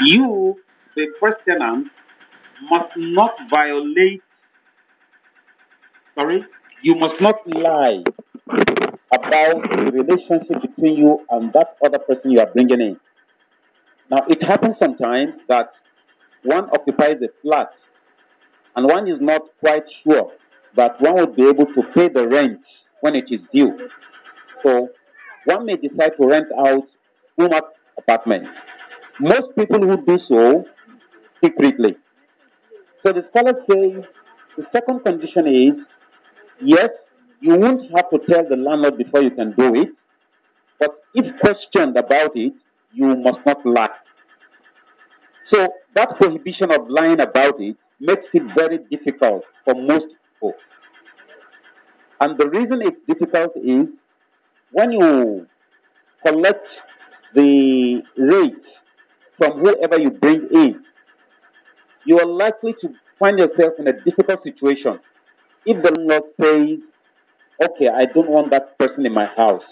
You, the person, must not violate, sorry, you must not lie about the relationship between you and that other person you are bringing in. Now, it happens sometimes that one occupies a flat and one is not quite sure that one will be able to pay the rent when it is due. So, one may decide to rent out Uma's apartment most people would do so secretly. So the scholar says the second condition is yes, you won't have to tell the landlord before you can do it, but if questioned about it, you must not lie. So that prohibition of lying about it makes it very difficult for most people. And the reason it's difficult is when you collect the rate from whoever you bring in, you are likely to find yourself in a difficult situation if the landlord says, okay, I don't want that person in my house.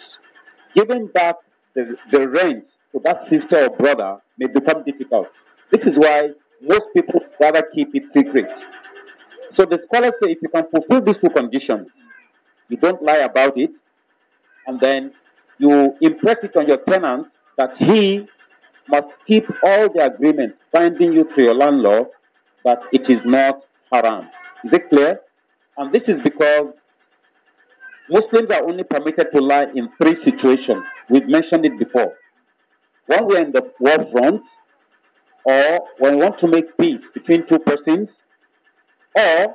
Giving back the, the rent to that sister or brother may become difficult. This is why most people rather keep it secret. So the scholars say if you can fulfill these two conditions, you don't lie about it, and then you impress it on your tenant that he must keep all the agreements binding you to your landlord that it is not haram. Is it clear? And this is because Muslims are only permitted to lie in three situations. We've mentioned it before. When we're in the war front, or when we want to make peace between two persons, or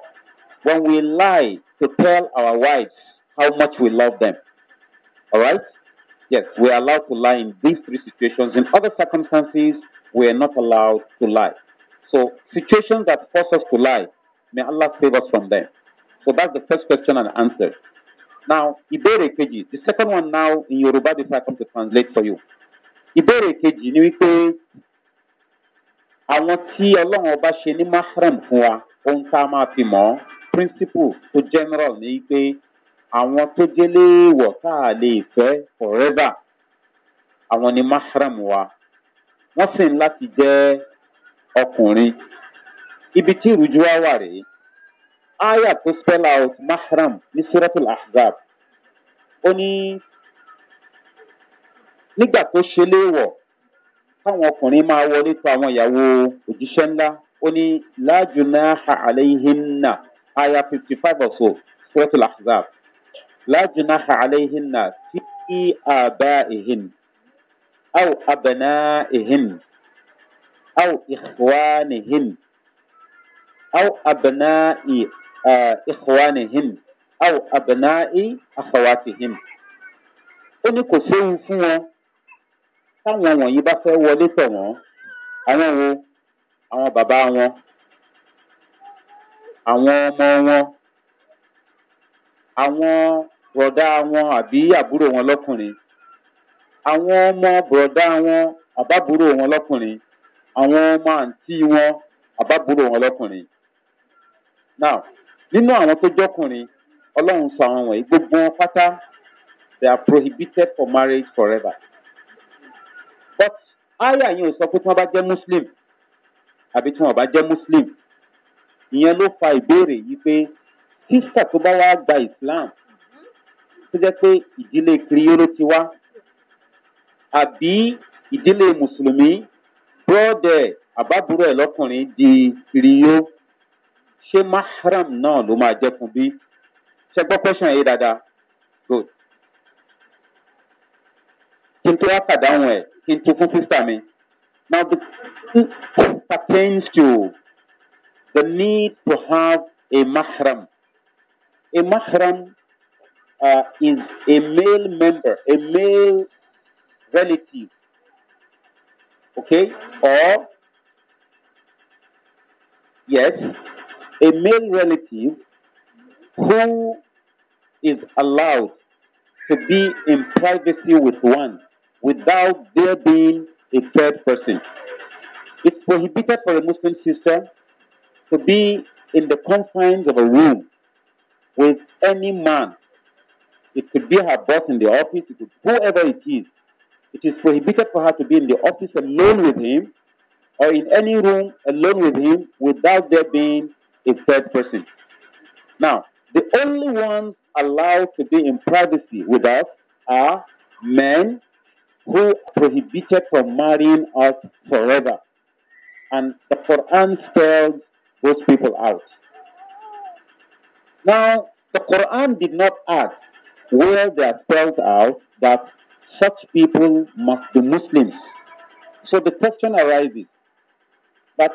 when we lie to tell our wives how much we love them. All right? Yes, we are allowed to lie in these three situations. In other circumstances, we are not allowed to lie. So, situations that force us to lie, may Allah save us from them. So, that's the first question and answer. Now, Ibere Keji, the second one now in Yoruba, if I come to translate for you. Ibere Keji ni wípé àwọn tí Ọlọ́run ọba ṣe ní mahram fún on ohun tá fi mọ́, principle to general ni wípé. àwọn tó jẹ́ léèwọ̀ tá a lè fẹ́ forever àwọn ni mahram wa wọ́n sì ń láti jẹ́ ọkùnrin ibi tí ìrújú wa wà rèé aya tó spell out mahram ní suratul ahzab ó ní nígbà tó ṣe léèwọ̀ táwọn ọkùnrin máa wọlé tó àwọn ìyàwó òjíṣẹ́ ńlá ó ní láàjùnáhà àlẹ́ ìhìnnà aya fifty five or so suratul ahzab lájúná àléhìn náà sí àbá ìhìn aw abẹ̀nà ìhìn aw ìhwánìhìn aw abẹ̀nà ìhwánìhìn aw abẹ̀nà ìhwátìhìn. ó ní kò séwu fún wọn táwọn wọ̀nyí bá fẹ́ wọlé tọ̀ wọ́n àwọn wo àwọn bàbá wọn àwọn ọmọ wọn àwọn bùrọ̀dá wọn àbí àbúrò wọn lọ́kùnrin àwọn ọmọ bùrọ̀dá wọn àbábúrò wọn lọ́kùnrin àwọn ọmọ àǹtí wọn àbábúrò wọn lọ́kùnrin. now nínú àwọn tó jọkùnrin ọlọ́run sọ àwọn wọ̀nyí gbogbo wọn pátá they are prohibited for marriage forever. but aya yẹn ò sọ pé tí wọ́n bá jẹ́ muslim àbí tí wọ́n bá jẹ́ muslim ìyẹn ló fa ìbéèrè yìí pé sísà tó bá wá gba islam tó jẹ́ pé ìdílé kiriyóró ti wá àbí ìdílé mùsùlùmí bọ́ọ̀dẹ̀ àbábúrò ẹ̀ lọ́kùnrin di kiriyó ṣé mahram náà ló máa jẹ́ fún bí ṣe gbọ́ pẹ́ṣàn yìí dáadáa good kí n tó wá pàdánù ẹ̀ kí n tó fún sísà mi now the thing pertains to the need to have a mahram. A mahram uh, is a male member, a male relative, okay, or yes, a male relative who is allowed to be in privacy with one without there being a third person. It's prohibited for a Muslim sister to be in the confines of a room with any man. It could be her boss in the office, it could whoever it is. It is prohibited for her to be in the office alone with him or in any room alone with him without there being a third person. Now, the only ones allowed to be in privacy with us are men who are prohibited from marrying us forever. And the Quran spells those people out. Now, the Quran did not add where they are spelled out that such people must be Muslims. So the question arises that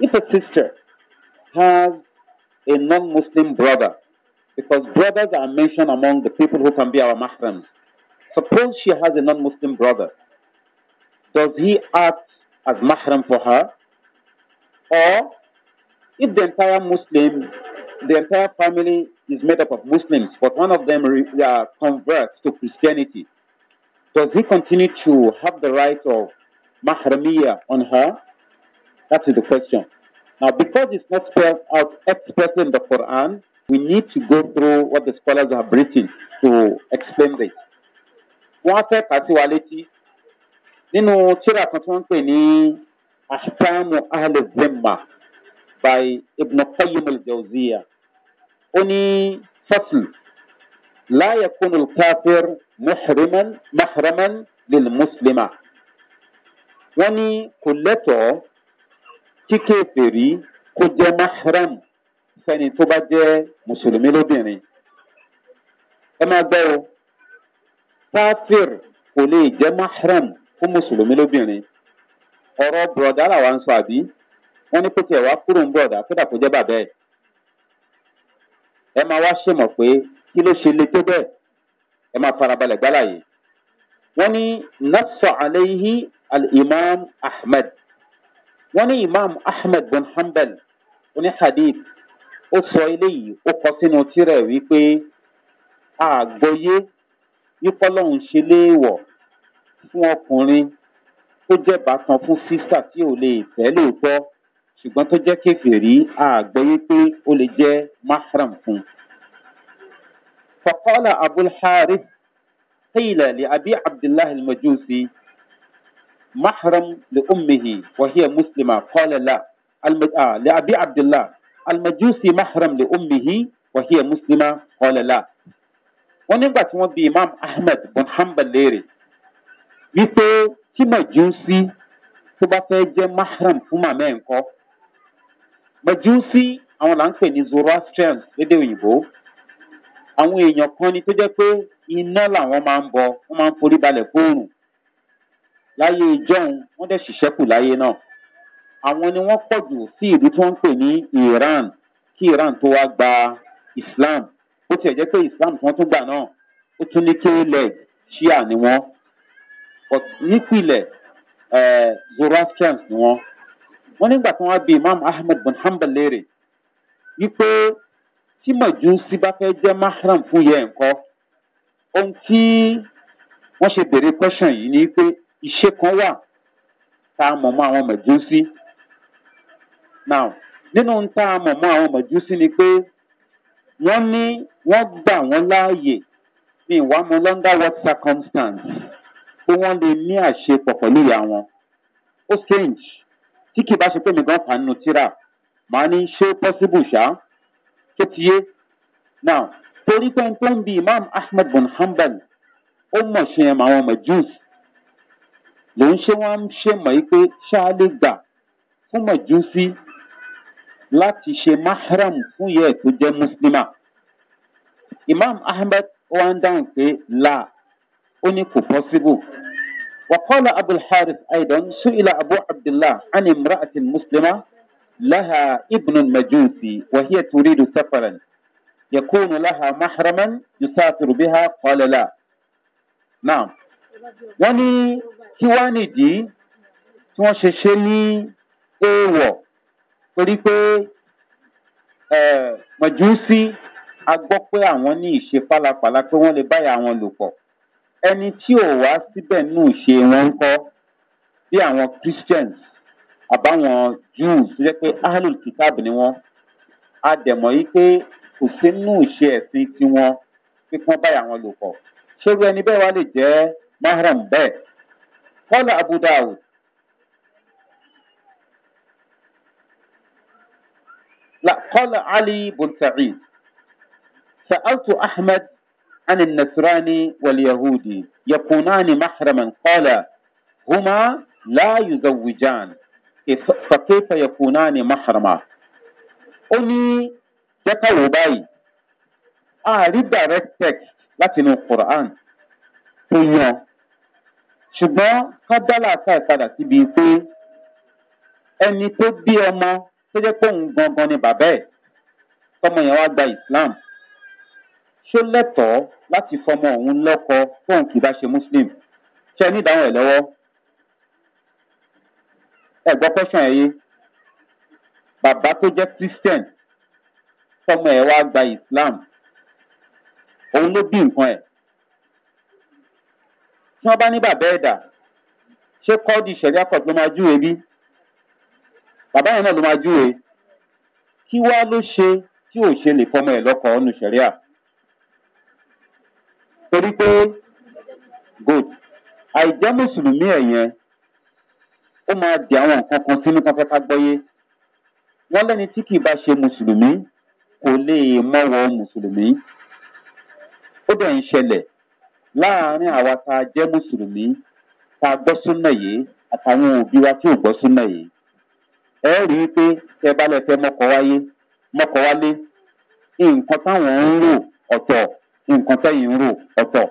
if a sister has a non Muslim brother, because brothers are mentioned among the people who can be our mahrams, suppose she has a non Muslim brother, does he act as mahram for her? Or if the entire Muslim the entire family is made up of Muslims, but one of them uh, converts to Christianity. Does he continue to have the right of mahramiya on her? That is the question. Now, because it's not spelled out expressly in the Quran, we need to go through what the scholars have written to explain this. tíra ní by ibn qayyim al-jawziya ó ní fọ́tù láyé kúnnù káfíìr mahraman lil muslima wọ́n ní kò lẹ́tọ̀ọ́ kí kéferì kó jẹ́ mahram fẹ́ni tó bá jẹ́ mùsùlùmí lóbìnrin ẹ máa gbọ́ o káfíìr kò lè jẹ́ mahram fún mùsùlùmí lóbìnrin ọ̀rọ̀ bùrọ̀dá làwọn sọ àbí wọ́n ní pété ẹ̀wá kúrò ń bọ̀dà kódà kó jẹ́ bàbá ẹ̀. ẹ máa wá ṣèmọ̀ pé kí ló ṣe le tó bẹ́ẹ̀ ẹ máa farabalẹ̀ gbálàyé. wọ́n ní nasa aleyhi al ahmed wọ́n ní imam ahmed bin hanbal oní hadith ó sọ eléyìí ó kọ sínú tirẹ̀ wípé àgbọ̀yé wípé ṣe léèwọ̀ fún ọkùnrin tó jẹ́ bàtàn fún sísà tí ò lè tẹ́ lóòótọ́ ṣùgbọ́n tó jẹ́ kéferì àgbẹ̀yé pé ó lè jẹ́ mahram fún un. فقال أبو الحارث قيل لأبي عبد الله المجوسي محرم لأمه وهي مسلمة قال لا الم... آه لأبي عبد الله المجوسي محرم لأمه وهي مسلمة قال لا wọ́n nígbà tí wọ́n bi imam ahmed bin hanbal léèrè wípé tí màjúsí tó bá fẹ́ jẹ́ mahram fún màmá ẹ̀ ń kọ́ mọ̀júsí àwọn là ń pè ní zoroastrian lédè òyìnbó àwọn èèyàn kan ni tó jẹ́ pé iná làwọn máa ń bọ wọ́n máa ń forí balẹ̀ fóòrùn láyé ìjọun wọ́n dẹ̀ ṣiṣẹ́ kù láyé náà àwọn ni wọ́n pọ̀ jù sí ìlú tí wọ́n ń pè ní iran kí iran tó wá gba islam bó tiẹ̀ jẹ́ pé islam tí wọ́n tún gbà náà ó tún ní kéèlẹ̀ shia ni wọ́n nípìnlẹ̀ eh, zoroastrians ni wọ́n wọn nígbà tí wọn bí imam ahmed bin hanbal léèrè wípé tí màjúsí bá fẹ́ jẹ́ mahram fún yẹn nǹkan ohun tí wọ́n ṣe béèrè question yìí ni pé iṣẹ́ kan wà tá a mọ̀ mọ́ àwọn màjúsí now nínú tá a mọ̀ mọ́ àwọn màjúsí ni pé wọ́n ní wọ́n gbà wọ́n láàyè ní ìwámu under what circumstance pé wọ́n lè ní àṣepọ̀ pẹ̀lú ìyá wọn ó strange tí kì bá ṣe pé nìkan fà nínú tíra màá ní ṣé possible ṣá tó ti yé now torí pé tó ń bi imam ahmed bin hanbal ó mọ̀ ṣe ẹ̀ màwọn ọmọ jews ló ń ṣe wọ́n ń ṣe mọ̀ yí pé ṣáá lè gbà fún mọ̀ júsí láti ṣe mahram fún yẹ tó jẹ́ muslima imam ahmed wa dáhùn pé la ó ní kò possible. وقال أبو الحارث أيضا سئل أبو عبد الله عن امرأة مسلمة لها ابن مجوسي وهي تريد سفرا يكون لها محرما يسافر بها قال لا نعم wani kí wá nìdí tí wọ́n ṣe ṣe ní èèwọ̀ torí pé mọ̀júsí a gbọ́ pé ẹni tí ò wá síbẹ̀ nù ṣe wọn ń kọ́ bí àwọn christians àbáwọn jews jẹ́ pé ahlul kitab ni wọ́n a dẹ̀ mọ̀ yí pé kò sí nù ṣe ẹ̀sìn tiwọn pé kí wọ́n báyà wọn lò pọ̀ ṣé irú ẹni bẹ́ẹ̀ wá lè jẹ́ mahram bẹ́ẹ̀ kọ́lá abudulayi. لا قال علي بن سعيد سألت أحمد عن النصراني واليهودي يكونان محرما قال هما لا يزوجان فكيف يكونان محرما ó ní jẹ́kàwó báyìí àárí direct text láti inú quran tó yan ṣùgbọ́n ká dálà káì padà síbi pé ẹni tó bí ọmọ tó jẹ́ pé òun gangan ni bàbá ẹ̀ tọmọ yẹn wá gba islam ṣó lẹ́tọ̀ọ́ láti fọmọ òun lọ́kọ fóun kì bá ṣe muslim ṣe ní ìdáhùn ẹ̀ lọ́wọ́ ẹ gbọ́ pẹ́sàn ẹ̀ yé bàbá tó jẹ́ christian tọmọ ẹ̀ wá gba islam òun ló bí nǹkan ẹ̀ tí wọ́n bá ní bàbá ẹ̀dà ṣé kọ́ọ̀dì ìṣẹ̀rí àpọ̀ ló máa júwe bí bàbá yẹn náà ló máa júwe kí wá ló ṣe tí ò ṣe lè fọmọ ẹ̀ lọ́kọ̀ọ́ nù ṣẹ̀rí àpọ̀ torí pé good àìjẹ́ mùsùlùmí ẹ̀ yẹn ó máa di àwọn nǹkan kan sínú kan fẹ́ ká gbọ́yé wọ́n lẹ́ni tí kìí bá ṣe mùsùlùmí kò lè mọ́wọ́ mùsùlùmí ó dẹ̀ ń ṣẹlẹ̀ láàrin àwa tá a jẹ́ mùsùlùmí tá a gbọ́ súnà yìí àtàwọn òbí wa tí ò gbọ́ súnà yìí ẹ rí i pé tẹ bá lẹ fẹ mọkọ wáyé mọkọ wálé nǹkan táwọn ń rò ọ̀tọ̀ nǹkan tẹ́yìn ń rò ọ̀tọ̀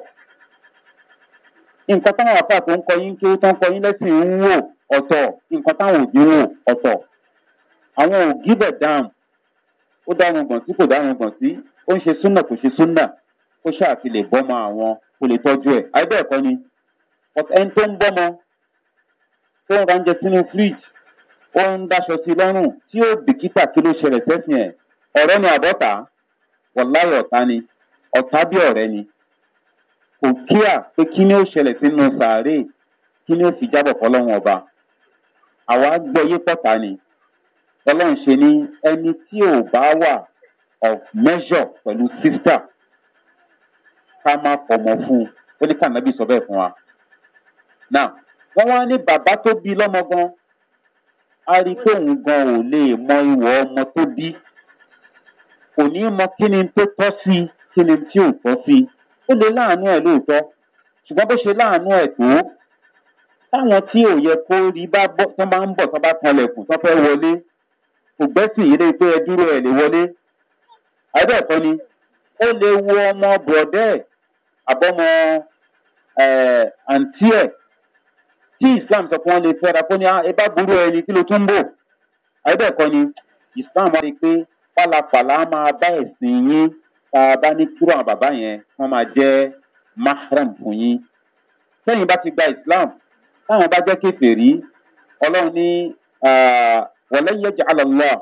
nǹkan táwọn àpá tó ń kọ yín kí ó tán kọ yín lẹ́sìn ń wò ọ̀tọ̀ nǹkan táwọn òbí ń wò ọ̀tọ̀ àwọn òbí bẹ̀ dáhùn ó dáhùn gbọ̀n sí kò dáhùn gbọ̀n sí ó ń ṣe súnà kò ṣe súnà kó ṣáàfi lè bọ́mọ àwọn kó lè tọ́jú ẹ̀ àìbẹ́ẹ̀ kọ́ ni but ẹni tó ń bọ́mọ tó ń ra oúnjẹ sínú fíríjì ó ń dáṣọ sí lọ́rùn tí ó bìkítà kí ló ṣẹlẹ̀ sẹ́sìn ẹ̀ ọ̀rẹ́ ni àbọ̀tà wọ̀láyọ̀ ọ̀tá ni ọ̀tá bí ọ̀rẹ́ ni kò kíà pé kí ni ó ṣẹlẹ̀ sínú sàárè kí ni ó sì jábọ̀ fọlọ́run ọba àwa gbọ́ yé pọ̀tà ni ọlọ́run ṣe ni ẹni tí ò bá wà of measure pẹ̀lú sísítà ká má fọmọ fún un ó ní kànábì sọ bẹ́ẹ̀ fún wa. now wọ́n wá ní bàbá tó bí lọ́mọ gan a rí i pé òun gan ò lè mọ ìwọ̀ ọmọ tó bí kò mọ kí ni tó tọ́ sí i kí ni tí ò tọ́ sí i ó lè láàánú ẹ̀ lóòótọ́ ṣùgbọ́n bó ṣe láàánú ẹ̀ tó táwọn tí ò yẹ kó rí bá bọ́ tán bá ń bọ̀ tán bá kanlẹ̀kùn tán fẹ́ wọlé kò gbẹ́sìn yìí lè pé ẹ dúró ẹ̀ lè wọlé àìbẹ̀ẹ̀kọ́ ni ó lè wo ọmọ bọ̀dẹ́ ẹ̀ àbọ̀mọ àǹtí ẹ̀ tí islam sọ pé wọ́n lè fẹ́ra kó ní ah, ẹ bá burú ẹni kí ló tún bò àìbẹ̀ẹ̀kọ́ ni islam wá rí pé pálapàla máa bá ẹ̀sìn yín tá a bá ní kúrò àwọn bàbá yẹn wọ́n máa jẹ́ mahram fún yín sẹ́yìn bá ti gba islam táwọn bá jẹ́ kẹfẹ́rí ọlọ́run ní wọ̀lẹ́yẹjẹ alọ́lọ́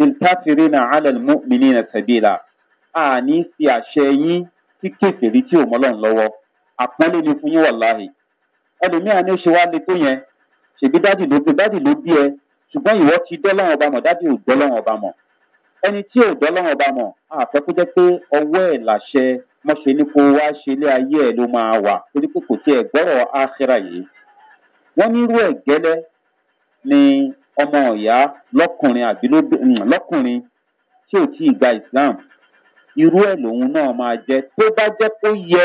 lìtàfẹ́rí náà alẹ́lmú mi ní ẹ̀sẹ̀bíla àní fi àṣẹ yín sí kẹfẹ́rí tí ò mọ́lọ́run lọ́wọ́ àpọ́nlé ni fún yín wàláhì ẹlòmíràn ní ṣe wá le tó yẹn ṣèbí dádì ló bí ẹ ṣùgbọ́n ìwọ ti dọ́lọ́wọ́n ọba mọ̀ dádì ò dọ́lọ́wọ́n ọba mọ̀ ẹni tí ò dọ́lọ́wọ́n bá mọ̀ àfẹ́ kó jẹ́ pé ọwọ́ ẹ̀ làṣẹ mọ́ṣe ní kó wá ṣe ilé ayé ẹ̀ ló máa wà torí pé kò tí ẹ̀ gbọ́rọ̀ áṣẹ́ra yìí. wọ́n nírú ẹ̀ gẹ́lẹ́ ni ọmọ ọ̀yá lọ́kùnrin àbí hmm, lọ́kùnrin tí ò tí ì gba islam irú ẹ̀ lòun náà máa jẹ́ tó bá jẹ́ kó yẹ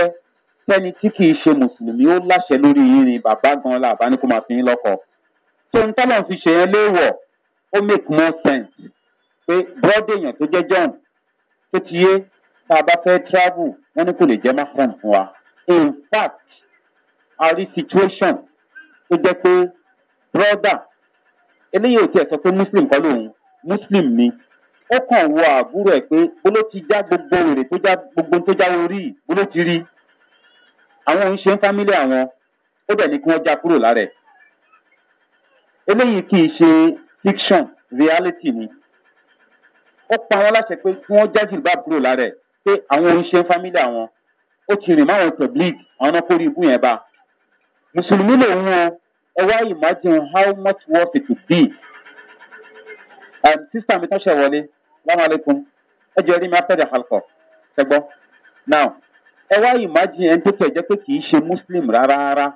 tẹ́ni tí kì í ṣe mùsùlùmí ó láṣẹ lórí irin bàbá gan la ní kó máa fi yín lọ́kọ̀ tó ń tọ́lọ̀ fi ṣe léèwọ̀ ó make more sense pé bọ́ọ̀dì èèyàn tó jẹ́ john tó ti yé tá a bá fẹ́ travel wọ́n ní kò lè jẹ́ macron fún wa in fact a rí situation tó jẹ́ pé brother eléyìí ò tiẹ̀ sọ pé muslim kọ́ lòun muslim ni ó kàn wọ àbúrò ẹ̀ pé bóló ti já gbogbo èrè tó já gbogbo tó já orí bóló ti rí àwọn òun ṣe ń fámílì àwọn ó dẹ̀ ní kí wọ́n já kúrò lára ẹ̀ eléyìí kì í ṣe fiction reality ni ó pa wọn láṣẹ pé kí wọ́n jáde bá kúrò lára ẹ̀ pé àwọn oníṣẹ́ fámílì àwọn ó ti rìn máwọn tẹ̀blíìd àwọn náà kórìí ibú yẹn bá mùsùlùmí lòun o ẹ wá imagine how much worth it be sísá mi tán ṣe wọlé lámàlẹ́kùn ẹ jẹ́ rí mi afẹ́dẹ̀ halkọ̀ ṣẹgbọ́ now ẹ wá imagine ẹni tó tẹ̀ jẹ́ pé kì ṣe muslim rárá rárá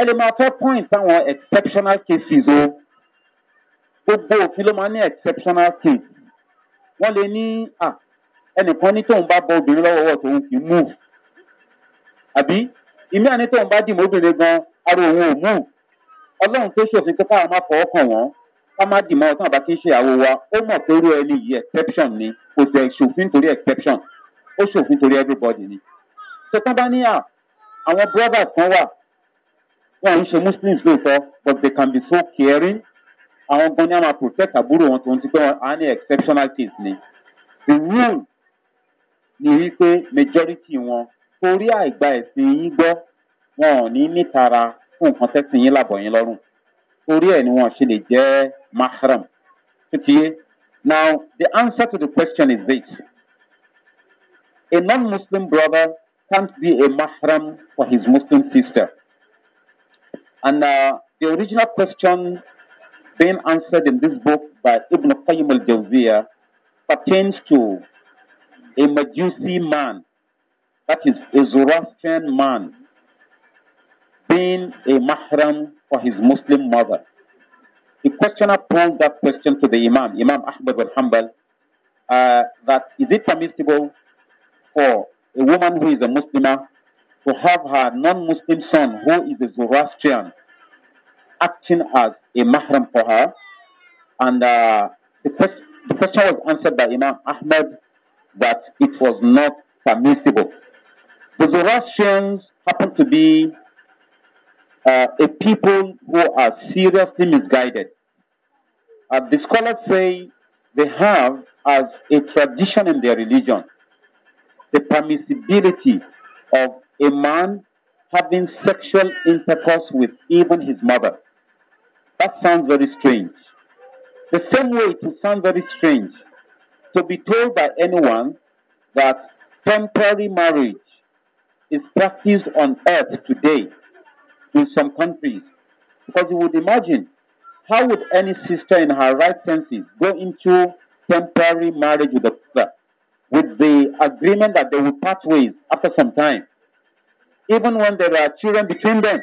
ẹ lè máa fẹ́ point àwọn exceptional cases o gbogbo òfin ló máa ní exceptional case wọ́n lè ní à ẹnìkan ní tóun bá bọ obìnrin lọ́wọ́wọ́ tóun kì í move àbí ìmí àní tóun bá dìmọ̀ obìnrin gan ara òun ò move ọlọ́run tó ṣòfin pé káwọn má fọwọ́ kàn wọ́n ká má dìmọ̀ ọ̀tún àbá kí n ṣe àwo wa ó mọ̀ pé irú ẹni yìí exception ni kò tẹ̀ ṣòfin nítorí exception ó ṣòfin nítorí everybody ni tó tán bá ní à àwọn brothers kan wà wọn ò ń ṣe muslims lóòótọ́ but they can be so caring àwọn gan ni a máa protect àbúrò wọn tòun ti pé a ní exceptional case ni the rule ni wípé majority wọn torí àìgbà ẹ̀sìn yín gbọ́ wọn ò ní nítara fún nǹkan tẹ́sìn yín làbọ̀ yín lọ́rùn torí ẹ̀ ni wọn ṣe lè jẹ́ mahram títí now the answer to the question is this a non-muslim brother can't be a mahram for his muslim sister and uh, the original question same answered in this book by Ibn Qayyim al-Jawziyah pertains to a Majusi man, that is a Zoroastrian man, being a mahram for his Muslim mother. The questioner posed that question to the Imam, Imam Ahmad bin Hanbal, uh, that is it permissible for a woman who is a Muslimah to have her non-Muslim son who is a Zoroastrian acting as a mahram for her. And uh, the, question, the question was answered by Imam Ahmed that it was not permissible. The Zoroastrians happen to be uh, a people who are seriously misguided. Uh, the scholars say they have as a tradition in their religion the permissibility of a man having sexual intercourse with even his mother. That sounds very strange. The same way it would sound very strange to be told by anyone that temporary marriage is practiced on earth today in some countries. Because you would imagine how would any sister in her right senses go into temporary marriage with a brother with the agreement that they will part ways after some time, even when there are children between them?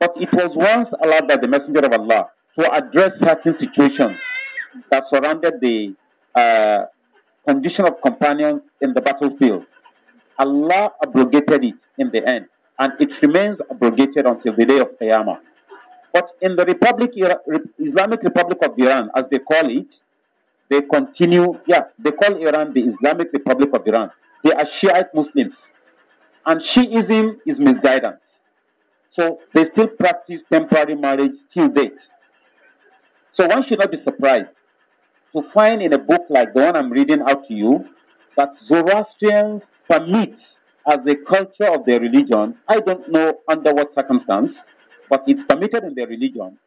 But it was once allowed by the Messenger of Allah to address certain situations that surrounded the uh, condition of companions in the battlefield. Allah abrogated it in the end, and it remains abrogated until the day of Qiyamah. But in the Republic, Islamic Republic of Iran, as they call it, they continue, yeah, they call Iran the Islamic Republic of Iran. They are Shiite Muslims. And Shiism is misguidance. So they still practice temporary marriage till date. So one should not be surprised to find in a book like the one I'm reading out to you that Zoroastrians permit as a culture of their religion, I don't know under what circumstance, but it's permitted in their religion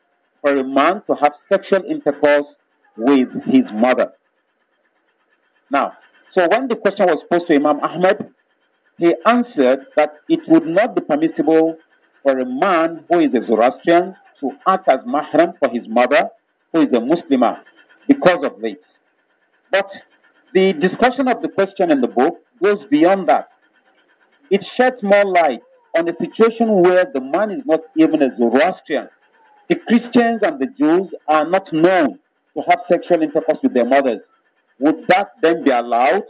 for a man to have sexual intercourse with his mother. Now, so when the question was posed to Imam Ahmed, he answered that it would not be permissible for a man who is a Zoroastrian to act as mahram for his mother who is a Muslimah because of this. But the discussion of the question in the book goes beyond that. It sheds more light on a situation where the man is not even a Zoroastrian. The Christians and the Jews are not known to have sexual intercourse with their mothers. Would that then be allowed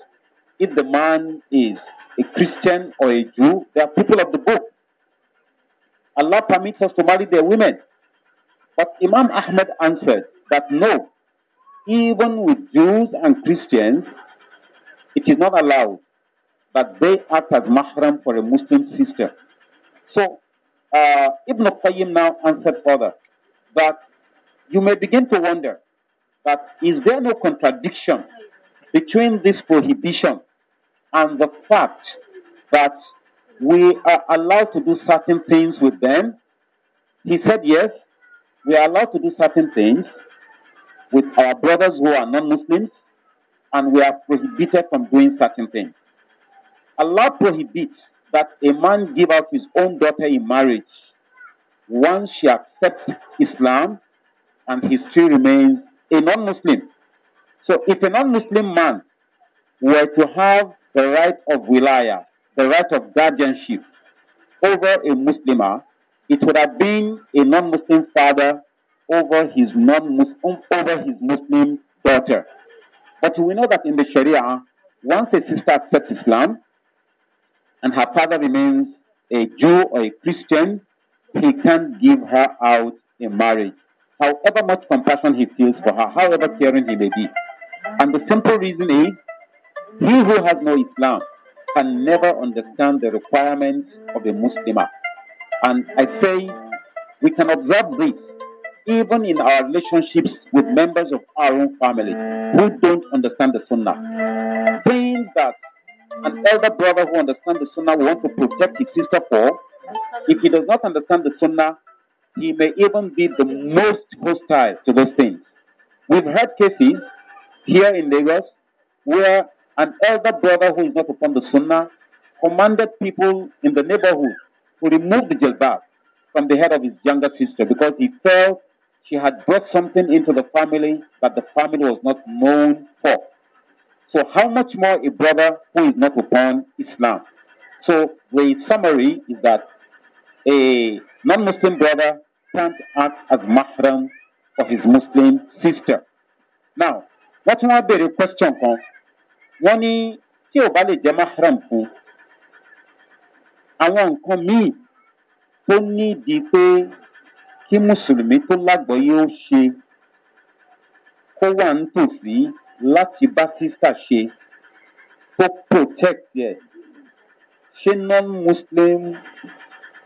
if the man is a Christian or a Jew? They are people of the book. Allah permits us to marry their women. But Imam Ahmed answered that no, even with Jews and Christians, it is not allowed that they act as mahram for a Muslim sister. So uh, Ibn Qayyim now answered further that you may begin to wonder that is there no contradiction between this prohibition and the fact that we are allowed to do certain things with them? He said, Yes, we are allowed to do certain things with our brothers who are non Muslims, and we are prohibited from doing certain things. Allah prohibits that a man give out his own daughter in marriage once she accepts Islam and he still remains a non Muslim. So if a non Muslim man were to have the right of wilayah." the right of guardianship over a Muslimah, it would have been a non-Muslim father over his non muslim over his Muslim daughter. But we know that in the Sharia, once a sister accepts Islam and her father remains a Jew or a Christian, he can't give her out in marriage, however much compassion he feels for her, however caring he may be. And the simple reason is, he who has no Islam can never understand the requirements of a Muslimah. And I say we can observe this even in our relationships with members of our own family who don't understand the Sunnah. Things that an elder brother who understands the Sunnah will want to protect his sister for, if he does not understand the Sunnah, he may even be the most hostile to those things. We've had cases here in Lagos where an elder brother who is not upon the sunnah commanded people in the neighborhood to remove the jilbab from the head of his younger sister because he felt she had brought something into the family that the family was not known for. So, how much more a brother who is not upon Islam? So, the summary is that a non Muslim brother can't act as mahram for his Muslim sister. Now, what will be the question? Comes, wọ́n ní tí ò bá lè jẹ́ mahram fún àwọn nǹkan míì tó nídìí pé kí mùsùlùmí tó lágbọ́yé ó ṣe kó wà nítòsí láti bá sísà ṣe tó protect ẹ̀ ṣé non-muslim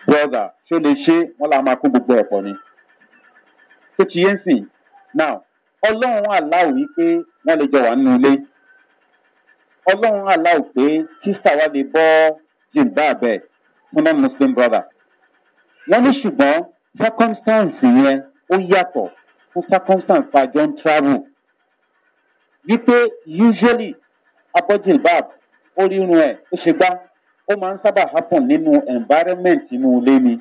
brother ṣó lè ṣe wọ́n la máa kó gbogbo ẹ̀pọ̀ ni tó ti yé ń sìn now ọlọ́run aláwọ̀ yìí pé wọ́n lè jọ wà nínú ilé ọlọ́run aláwọ̀ pé sísà wa lè bọ́ zimbabwe fún non muslim brother. wọ́n ní ṣùgbọ́n circumstance yẹn ó yàtọ̀ fún circumstance àjọ ń travel. wípé usually abọ́ Zimbabwe, ó rírun ẹ̀ ó ṣe gbá ó máa ń sábà happen nínú environment inú ilé ni.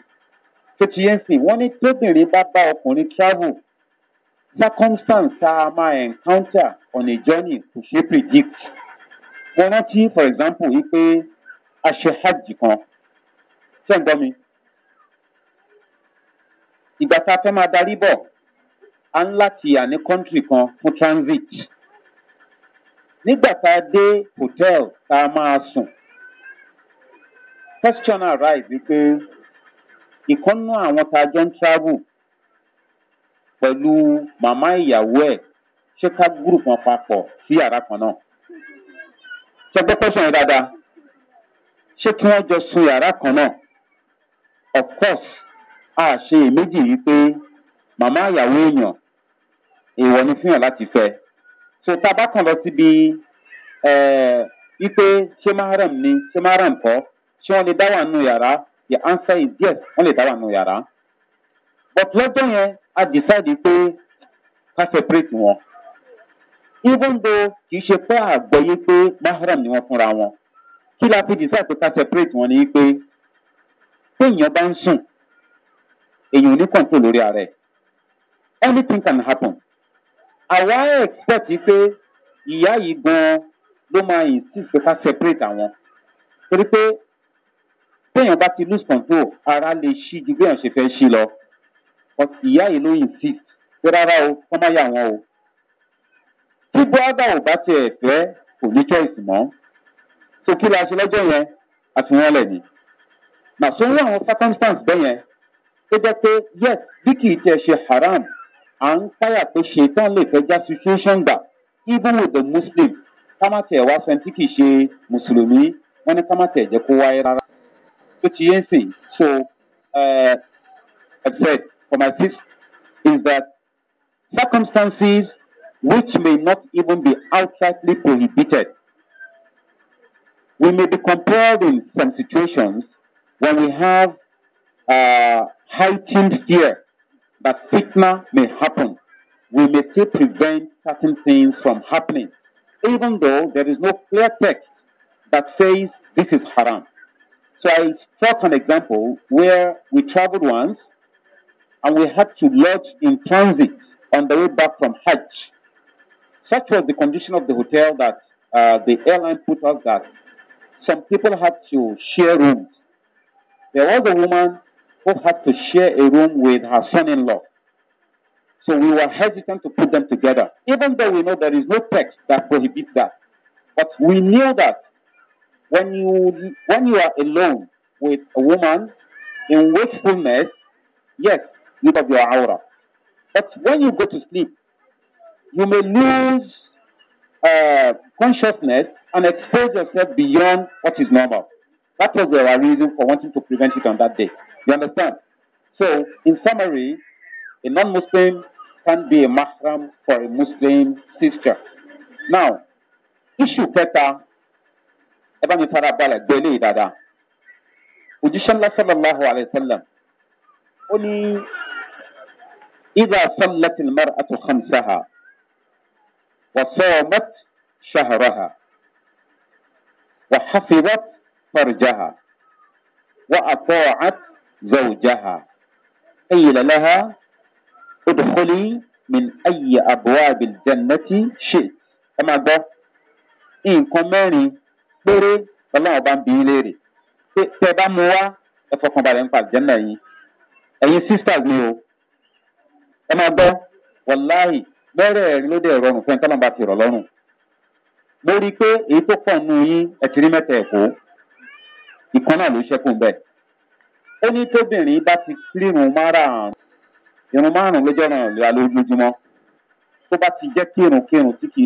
tó ti yẹn sìn wọ́n ní tóbìnrin bá bá ọkùnrin travel circumstance tá a máa encounter on a journey kò ṣe predict mo rántí for example wípé a ṣe hajj kan ṣé ń gbọ́ mi ìgbà tá a fẹ́ máa darí bọ̀ a ń láti yà ní kọ́ńtì kan fún transit nígbà tá a dé hòtẹ́ẹ̀l tá a máa sùn question arise wípé ìkọ́nú àwọn tá a jọ ń travel pẹ̀lú màmá ìyàwó ẹ̀ ṣé ká gúrùpọ̀ papọ̀ sí yàrá kan náà sọ pé pẹ́sàn yẹn dáadáa ṣé kí wọ́n jọ sun yàrá kan náà of course a ṣe èméjì yìí pé màmá ìyàwó èèyàn èèwọ̀ ni fihàn láti fẹ́ so tá a bá kàn lọ síbi wípé ṣé maharam ni ṣé maharam kọ́ ṣé wọ́n lè dá wà nù yàrá the answer is yes wọ́n lè dá wà nù yàrá but lọ́jọ́ yẹn a decide pé ká separate wọn even though kì í ṣe pé àgbọ̀yé pé mahram ni wọ́n fúnra wọn kí la fi decide pé ká separate wọn ni wípé téèyàn bá ń sùn èèyàn ò ní control lórí ara ẹ̀ anything can happen àwa expect pé ìyá yìí gan ló máa insist pé ká separate àwọn torí pé téèyàn bá ti lose control ara lè ṣí ju bí èèyàn ṣe fẹ́ ṣí lọ but ìyá yìí ló insist pé rárá o kọ́ má yà wọ́n o tí bọ́ọ̀dà ò bá tiẹ̀ fẹ́ kò ní mọ́ so kí la ṣe lọ́jọ́ yẹn àfihàn lẹ̀ ni màṣọ ń wá àwọn circumstance bẹ́ẹ̀ yẹn tó jẹ́ pé yes bí kì í tiẹ̀ ṣe haram à ń káyà pé ṣètàn lè fẹ́ já situation gbà even with the muslim ká má tiẹ̀ wá sẹ́ni tí kì í ṣe mùsùlùmí wọ́n ní ká má tiẹ̀ jẹ́ kó wáyé rárá tó ti yé ń sìn so uh, eh, except for my sister, is that circumstances which may not even be outrightly prohibited. We may be compelled in some situations when we have uh, heightened fear that fitna may happen. We may still prevent certain things from happening, even though there is no clear text that says this is haram. So I thought an example where we traveled once and we had to lodge in transit on the way back from Hajj. Such was the condition of the hotel that uh, the airline put us that some people had to share rooms. There was a woman who had to share a room with her son-in-law. So we were hesitant to put them together, even though we know there is no text that prohibits that. But we knew that when you when you are alone with a woman in wakefulness, yes, you have your aura. But when you go to sleep, you may lose uh, consciousness and expose yourself beyond what is normal. That was the reason for wanting to prevent it on that day. You understand? So, in summary, a non Muslim can be a mahram for a Muslim sister. Now, issue kẹta ẹ bá mi fara balẹ̀ ìdada òjíṣẹ́ sallallahu alayhi wa sallam ó ní ìdá mar'atu وصامت شهرها وحفظت فرجها وأطاعت زوجها قيل لها ادخلي من أي أبواب الجنة شئت أما ده إن كماني بري الله بان بيليري إيه، تبا موا أفكم بالي نفع أي سيستاز ميو أما ده والله mẹ́rẹ̀ẹ̀rin ló dẹ̀ rọrùn fún ẹni tọ́lọ́mba ti rọ̀ lọ́rùn mo rí i pé èyí tó pọ̀ nù yín ẹ̀tìrí mẹ́ta ẹ̀kọ́ ìkan náà ló ṣẹ́kù bẹ́ẹ̀ ó ti kírun márààrún irun márùn ló jọ́ràn ìlera lójoojúmọ́ tó bá ti jẹ́ kírun ó ń kí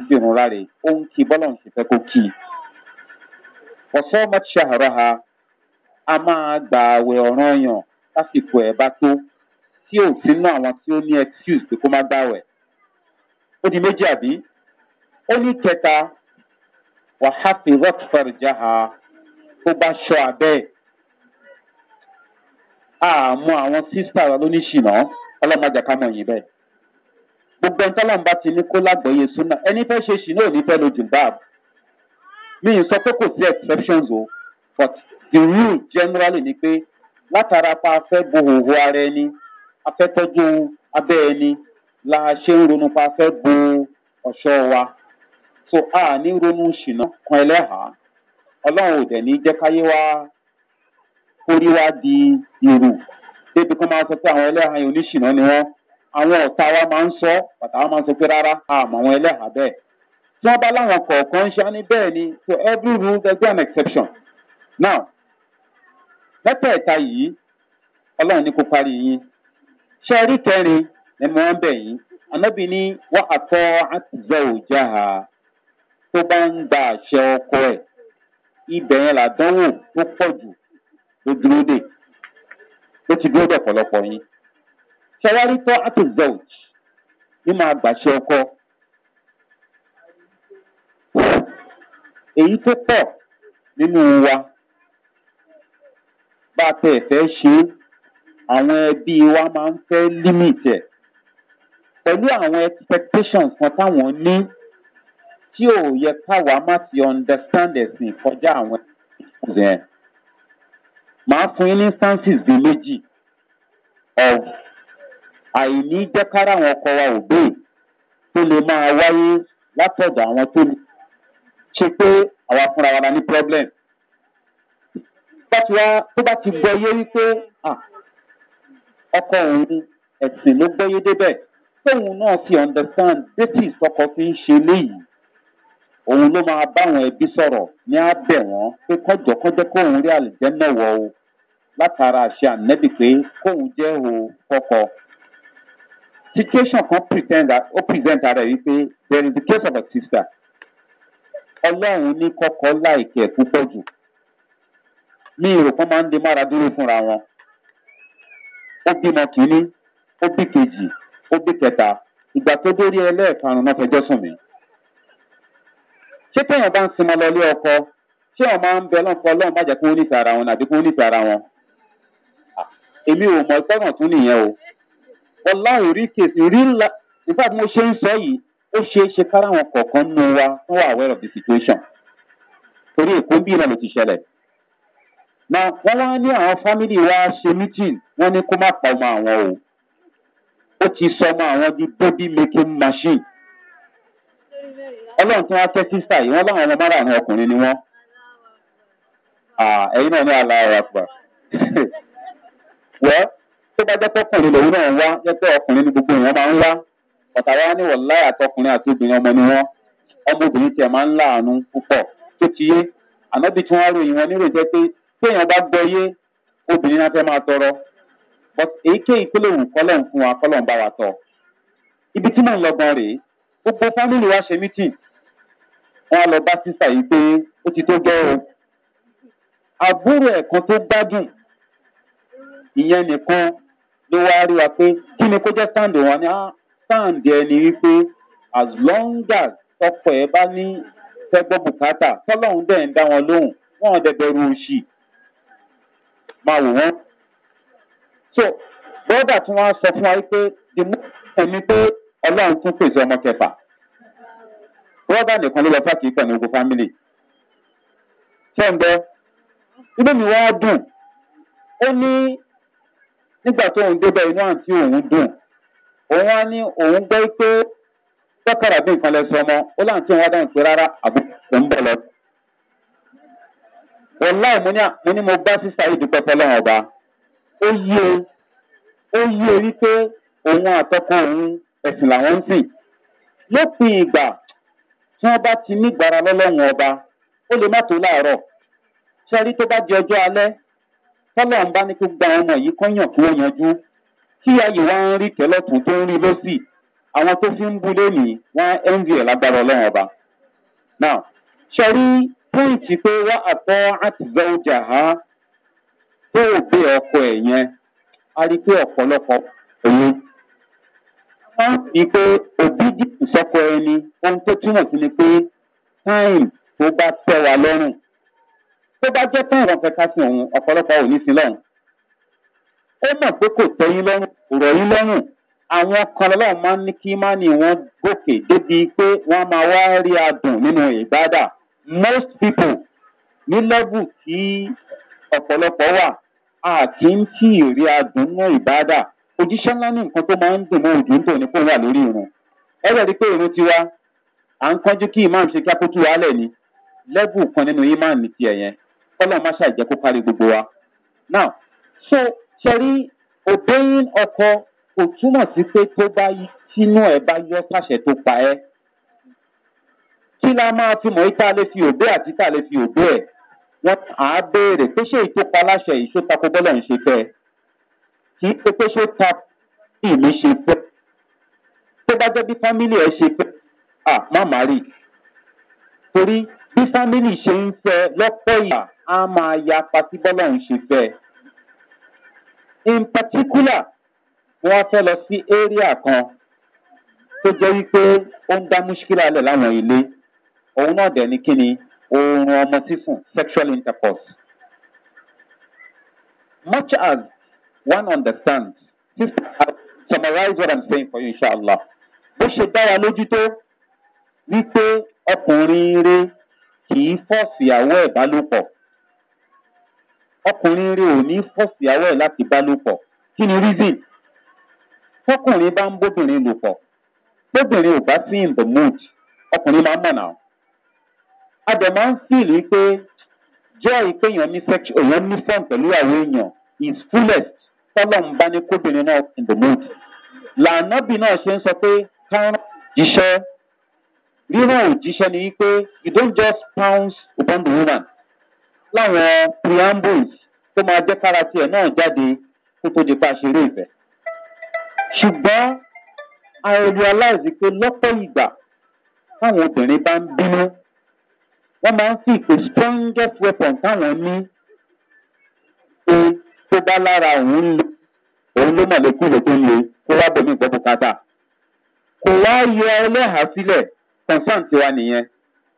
ń kó ha a máa gbà àwẹ̀ yàn lásìkò ẹ̀ bá tó tí ò sínú àwọn tí ó ní excuse pé ó di méjì àbí ó ní kẹta wàhálà rọtfẹr jaha ó bá ṣọ abẹ àmọ àwọn sísá rẹ lóníṣìnà ọlọmọdé ká mọ yìí bẹẹ gbogbo ẹni tọ́lọ́mù bá ti ní kó lágbọ̀ọ́yé súnà ẹni fẹ́ ṣe ṣìnà ò ní fẹ́ lo zimbabwe mi ì sọ pé kò sí exceptions o but the rule generally ni pé látara pa afẹ́ bo òhò ara ẹni afẹ́ tọ́jú abẹ́ ẹni la ṣe ń ronú pa fẹ́ bo ọ̀ṣọ́ wa so a ní ronú ṣìnà kan ẹlẹ́hàá ọlọ́run ò dẹ̀ ní jẹ́ káyé wa kórí wa di irú débi kan máa sọ pé àwọn ẹlẹ́hàá yẹn oníṣìnà ni wọ́n àwọn ọ̀tá wa máa ń sọ bàtà wa máa ń sọ pé rárá àmọ́ àwọn ẹlẹ́hàá bẹ́ẹ̀ tí wọ́n bá láwọn kọ̀ọ̀kan ń ṣá ní bẹ́ẹ̀ ni so every rule there is an exception now mẹ́tẹ̀ẹ̀ta yìí ọlọ́run ní kó parí yín ṣe rí kẹrin ẹ mọ ọ́n bẹ̀ yín anábì ní wọ́n àtọ́ ha tó bá ń gba àṣẹ ọkọ ẹ̀ ibẹ̀ yẹn làdánwò tó pọ̀ jù ló dúró dè ló ti dúró dè ọkọ èyí tó n'inu nínú wa bá a wa máa ń límìtì pẹ̀lú àwọn expectations kan táwọn ní tí ò yẹ káwa má ti understand ẹ̀sìn kọjá àwọn expectations yẹn. Màá fún yín ní instances bíi méjì of àìní jẹ́ kára àwọn ọkọ wa ò béè tó lè máa wáyé látọ̀dọ̀ àwọn tó ní ṣe pé àwa fúnra wa la ní problem. Tó bá ti gbọ́ yé wípé ọkọ òun ẹ̀sìn ló gbọ́ yé débẹ̀ tóun náà fi understand déètì ìsọkọ fi ń ṣe léyìí òun ló máa báwọn ẹbí sọ̀rọ̀ ní á bẹ̀ wọ́n pé kọ́jọ́kọ́jọ́ kóun rí àlìjẹ́nà wọ̀ o látara àṣẹ ànẹ́bì pé kóun jẹ́ o kọ́kọ́. situation kan present ó present ara ẹ̀ wípé there is the case of a sister ọlọ́run ní kọ́kọ́ láìkẹ́ púpọ̀ jù ní èrò kan máa ń de mára dúró fúnra wọn ó bímọ kínní ó bí kejì ó gbé kẹta ìgbà tó dórí ẹlẹ́ẹ̀karùn-ún náà fẹjọ́ sùn mí. ṣé téèyàn bá ń sinmi ọkọ ṣé wọn máa ń bẹ lọ́nkọ ọlọ́run má jẹ́ kó ara wọn àbí kó nífẹ̀ẹ́ ara wọn. èmi ò mọ ìtọ́nà tún nìyẹn o ọláhùn rí kèsì rí nígbà tí mo ṣe ń sọ yìí ó ṣe kára of the situation torí èkó bí ti ṣẹlẹ̀ na wọ́n wá ní àwọn fámìlì wa ṣe meeting wọ́n ní kó má ọmọ o ó ti sọ ọmọ àwọn di baby making machine ọlọ́run tí wọ́n fẹ́ sísà yìí wọ́n láwọn ọmọ mara àwọn ọkùnrin ni wọ́n ẹ̀yin náà ní tó bá jẹ́ tọkùnrin lòun náà wá ọkùnrin ní gbogbo èèyàn máa ń wá ọ̀tà àti obìnrin ọmọ ni wọ́n ọmọbìnrin tiẹ̀ máa ń láàánú púpọ̀ tó ti yé tí wọ́n ròyìn wọn níròyìn jẹ́ pé but èyíkéyìí tó lè wù kọ́lọ̀ ń fún wa kọ́lọ̀ ń bá wa tọ́ ibi tí mò ń lọ́gbọ́n rèé gbogbo fámìlì wa ṣe mítì wọn á lọ bá sísà yìí pé ó ti tó gẹ́ àbúrò ẹ̀kan tó gbádùn ìyẹn nìkan ló wá rí wa pé kí ni kó jẹ́ sáǹdì wọn ni ah, sáǹdì ẹni wípé as long as ọkọ̀ ẹ bá ní fẹ́ gbọ́ bùkátà tọ́lọ́hún dẹ̀ ń dá wọn lóhùn wọn ò dẹ̀ bẹ̀rù òṣì máa wò wọ́n so bọ́dà tí wọ́n sọ fún wa pé ìmú ẹni pé ọlọ́run tún pèsè ọmọ kẹfà bọ́dà nìkan ló lọ fàkì pẹ̀lú ogun fámìlì ṣé ń gbọ́ inú mi wá dùn ó ní nígbà tó ń débẹ̀ inú àǹtí òun dùn òun á ní òun gbọ́ pé bọ́kàrà bí nǹkan lẹ sọ ọmọ ó láǹtí òun dáhùn pé rárá àbúkù ń bọ̀ lọ. wọ́n láì mo bá sísá yìí dúpẹ́ fọlọ́run ọba. ó yé e ó yé e wípé òun àtọkọ òun ẹ̀sìn làwọn ń sìn lópin ìgbà tí bá ti ọba ó lè má tó láàárọ̀ sẹ́rí tó bá jẹ ọjọ́ ń gba ọmọ yìí kọ́yàn kí ó yanjú tí ayé wa ń rí tẹ́lọ̀tún tó ń rí lọ́sì àwọn tó fi ń bu lónìí wọ́n ń lágbára ọba. pé wọ́n ha tó ò bẹ ọkọ ẹ̀ yẹn a rí pé ọ̀pọ̀lọpọ̀ òun. wọ́n ní pé òbí dìbò sọ́kọ ẹni ohun tó túmọ̀ sí ni pé táìm tó bá tẹ́ wa lọ́rùn tó bá jẹ́ táìm wọn fẹ́ ká sí òun ọ̀pọ̀lọpọ̀ òní sí lọ́rùn. ó mọ̀ pé kò tẹ́yìn lọ́rùn kò rọ̀ yín lọ́rùn àwọn kan lọ́wọ́ máa ń ní kí má ní wọ́n gòkè débi pé wọ́n máa wá rí adùn nínú ìgbádà most people ní lẹ́bù tí ọ̀pọ̀lọpọ̀ wà a kì í kí ìrí adùn náà ìbáàdà òjíṣẹ́ ńlá ní nǹkan tó máa ń dùn mọ́ òjò ń tò ní kó wà lórí irun ẹ rẹ̀ rí pé irun ti wá à ń kánjú kí imam ṣe kí akókí wa ni lẹ́bù kan nínú imam ní tiẹ̀ yẹn kọ́lọ́ má ṣàìjẹ́ kó kárí gbogbo wa. now so ṣẹ́rí obìnrin ọkọ kò túmọ̀ sí pé tó bá tínú ẹ̀ bá yọ pàṣẹ tó pa ẹ́ kí la máa fi mọ̀ ìta lè fi òbẹ́ àti ìta lè fi òbẹ́ ẹ̀ wọ́n á béèrè pé ṣé ìtópa aláṣẹ yìí ṣó tako bọ́lọ̀ ń ṣe fẹ́ kì í ṣe pé ṣó ta ìmí ṣe fẹ́ tó bá jẹ́ bí fámílì ẹ ṣe fẹ́ à má má rí torí bí fámílì ṣe ń fẹ́ lọ́pọ̀ ìyá á máa ya patí bọ́lọ̀ ń ṣe fẹ́ in particular wọ́n fẹ́ lọ sí area kan tó jẹ́ wípé ó ń dá múṣkílà lẹ̀ láwọn ilé òun náà dẹ̀ ní kíni oorun ọmọ sísùn sexual intercourse. Much as one understands, sister, I will summarize what I'm saying for you, inshallah. Bó ṣe dá wa lójú tó wípé ọkùnrin rẹ kìí fọ́ọ̀sì ìyàwó ẹ̀ bálòpọ̀. Ọkùnrin rẹ ò ní fọ́ọ̀sì ìyàwó ẹ̀ láti bálòpọ̀. Kí ni reason? Tọkùnrin bá ń bóbìnrin lò pọ̀. Bóbìnrin ò bá sí in the mood, ọkùnrin máa ń mọ̀ náà. a dẹ̀ máa ń fìlì pé jẹ́rìí pé èèyàn ní sẹ́kṣọ̀ èèyàn ní sẹ́ǹ pẹ̀lú àwọn is fullest tọ́lọ́mù bá ní kóbìnrin náà in the mood. lànàbì náà ṣe ń sọ pé kárán jíṣẹ́ rírán òjíṣẹ́ ni wípé you don't just pounce upon the woman láwọn preambles tó máa jẹ́ kára tiẹ̀ náà jáde kó tó di pa ṣeré ìfẹ́. ṣùgbọ́n i realize pé lọ́pọ̀ ìgbà táwọn obìnrin bá ń bínú wọ́n máa ń fi ìpè strongest weapon táwọn ní pé tó bá lára òun lè òun ló mọ̀ lẹ́kùn lè tó ń le kó wá bẹ̀mí ìgbọ́ bùkátà. kò wá yọ ẹlẹ́hà sílẹ̀ concern tiwa nìyẹn.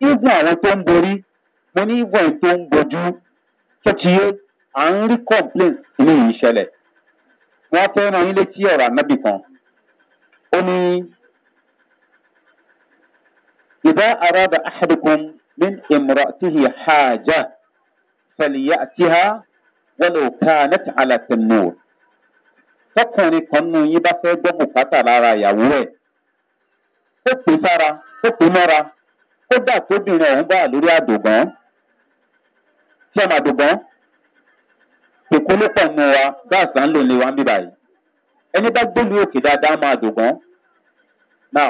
even àwọn tó ń borí mo ní even tó ń bojú tó ti yé à ń rí complaint ní ìyí ṣẹlẹ̀. wọ́n á fẹ́ ran yín létí ọ̀rọ̀ ànábì kan. ó ní ìbá aráda ahadukum من امرأته حاجة فليأتها ولو كانت على تنور tọkùnrin kan nù yín bá fẹ́ gbọ́ bùkátà lára ìyàwó ẹ̀ ó pè sára ó pè mọ́ra kódà tóbìnrin ọ̀hún bá lórí àdògán tí ọmọ àdògán èkó ló pọ̀ nù wa gáàsì à ń lò ní wa ń bíbà yìí ẹni bá gbólu òkè dáadáa máa dògán náà